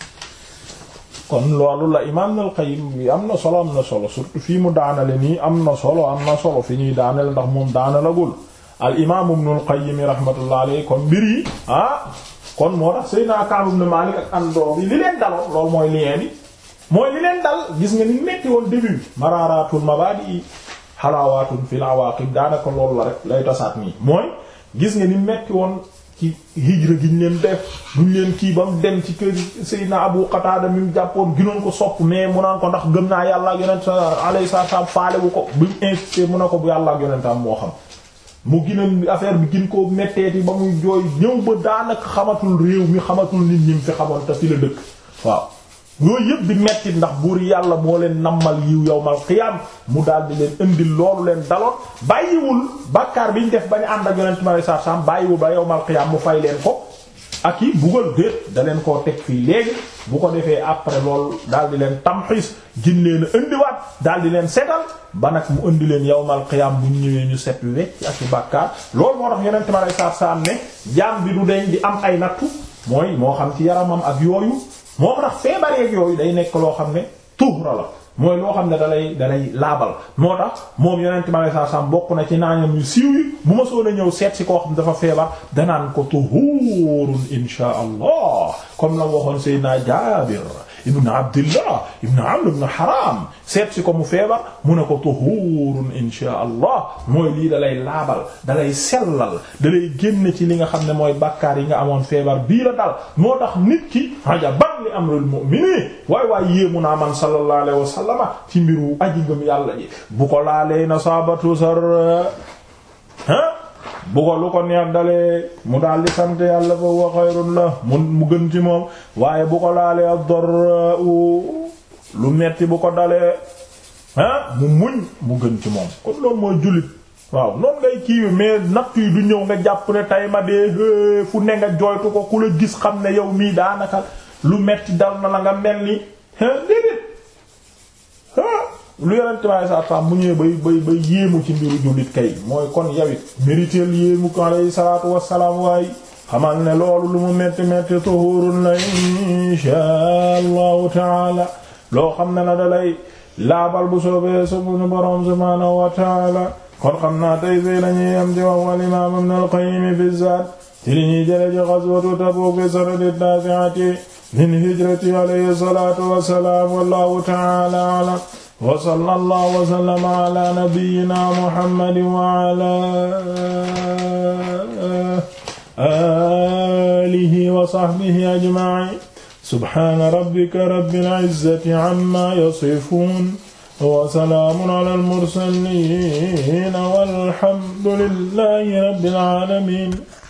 kon loolu la imaam al Qayyim bi am na solo am na solo surtout fii mu daanale nii am na solo am na solo fi ñuy daanale ndax moom daanalagul al imaam ibn al Qayyim rahmatullah alayhi kon mbir yi ah, kon moo tax Seydina Ka'b ibn Malik ak andoo bi li leen daloon loolu mooy lien bi mooy li leen dal gis nga ni metti woon début maraaraatul mabaadi xalaawaatun fil awaaqib daanaka loolu la rek lay tasaat nii mooy gis nga metti woon ci hijra gi ñu leen def duñ leen kii ba mu dem ci kër Seydina Abu Qatada mi mu jàppoon ginoon ko sopp mais mu naan ko ndax gëm naa yàlla ak yonent alayhi salaam faale wu ko bu ñu insisté mu ne ko bu yàlla ak yonentam moo xam mu gën affaire bi gin koo metteeti ba muy jooy ñëw ba daanaka xamatul réew mi xamatul nit ñi fi xamoon te fi la dëkk waaw yooyu yëpp di metti ndax buur yàlla moo leen nammal yiw yowmal xiyaam mu daal di leen indil loolu leen daloon bàyyiwul bàkkaar bi ñu def ba ñu ànd ak yonent ma saa saam bàyyiwul ba yowmal xiyaam mu fay leen ko ak yi bugal déet da koo teg fii bu ko defee après loolu daal di leen tamxiis gin leen a daal di leen setal ba nag mu indi leen yowmal xiyaam bu ñu ñëwee ñu set wecc ak i bàkkaar loolu moo tax bi du di am ay nattu mooy moo xam ci yaramam ak yooyu moom ndax feebareek yooyu day nekk loo xam ne tuhra la mooy loo xam ne dalay dalay laabal moo tax moom yonent ma saa bokk na ci naanam yu siiw yi bu ma soon a ñëw seet si koo xam dafa feebar danaan ko tuhurun insha allah comme la waxoon Seydina Jaabir ibn abdillah ibn amr ibn haram seet si ko mu feebar mu ne ko tuhurun insha allah mooy lii dalay laabal dalay sellal dalay génn ci li nga xam ne mooy bàkkaar yi nga amoon feebar bii la dal moo tax nit ki ajaban li amrul mu'mini waay waay yéemu naa man sallallahu alayhi wa sallama ci mbiru aji ngëm yàlla ji bu ko laalee na saabatu sar ha bu ko lu ko neex dalee mu daal di sant yàlla fa wa la mu gën ci moom waaye bu ko laalee ad-darra lu metti bu ko dalee ah mu muñ mu gën ci moom kon loolu mooy jullit waaw noonu ngay kiiwi mais natt yi du ñëw nga jàpp ne tay ma dee fu ne nga jooytu ko ku la gis xam ne yow mii daanaka lu metti dal na la nga mel ni déedéet lu yonent bi saa saam mu ñëwee bay bay bay yéemu ci mbiru jullit kay mooy kon yawit mériteel yéemu ko alayhi salaatu wassalaam waay xamal ne loolu lu mu metti metti tuhurun la insha allahu taala loo xam ne na dalay laabal bu soobee suñu borom subhaanahu wa kon xam naa tey fii la ñuy am di wax wal imaam ibn al-Qayyim fi Zaad ci li ñuy jële ci ghazwatu Tabuuk bi sanadi taasi'ati min hijrati alayhi salaatu wassalaam wallahu taala a'lam wa sallallahu wa sallama ala nabiyyina muhammadin wa ala alihi wa sahbihi ajma'in subhana rabbika rabbil izzati amma yasifun wa salaamun ala al-mursaliin walhamdulillahi rabbil aalamiin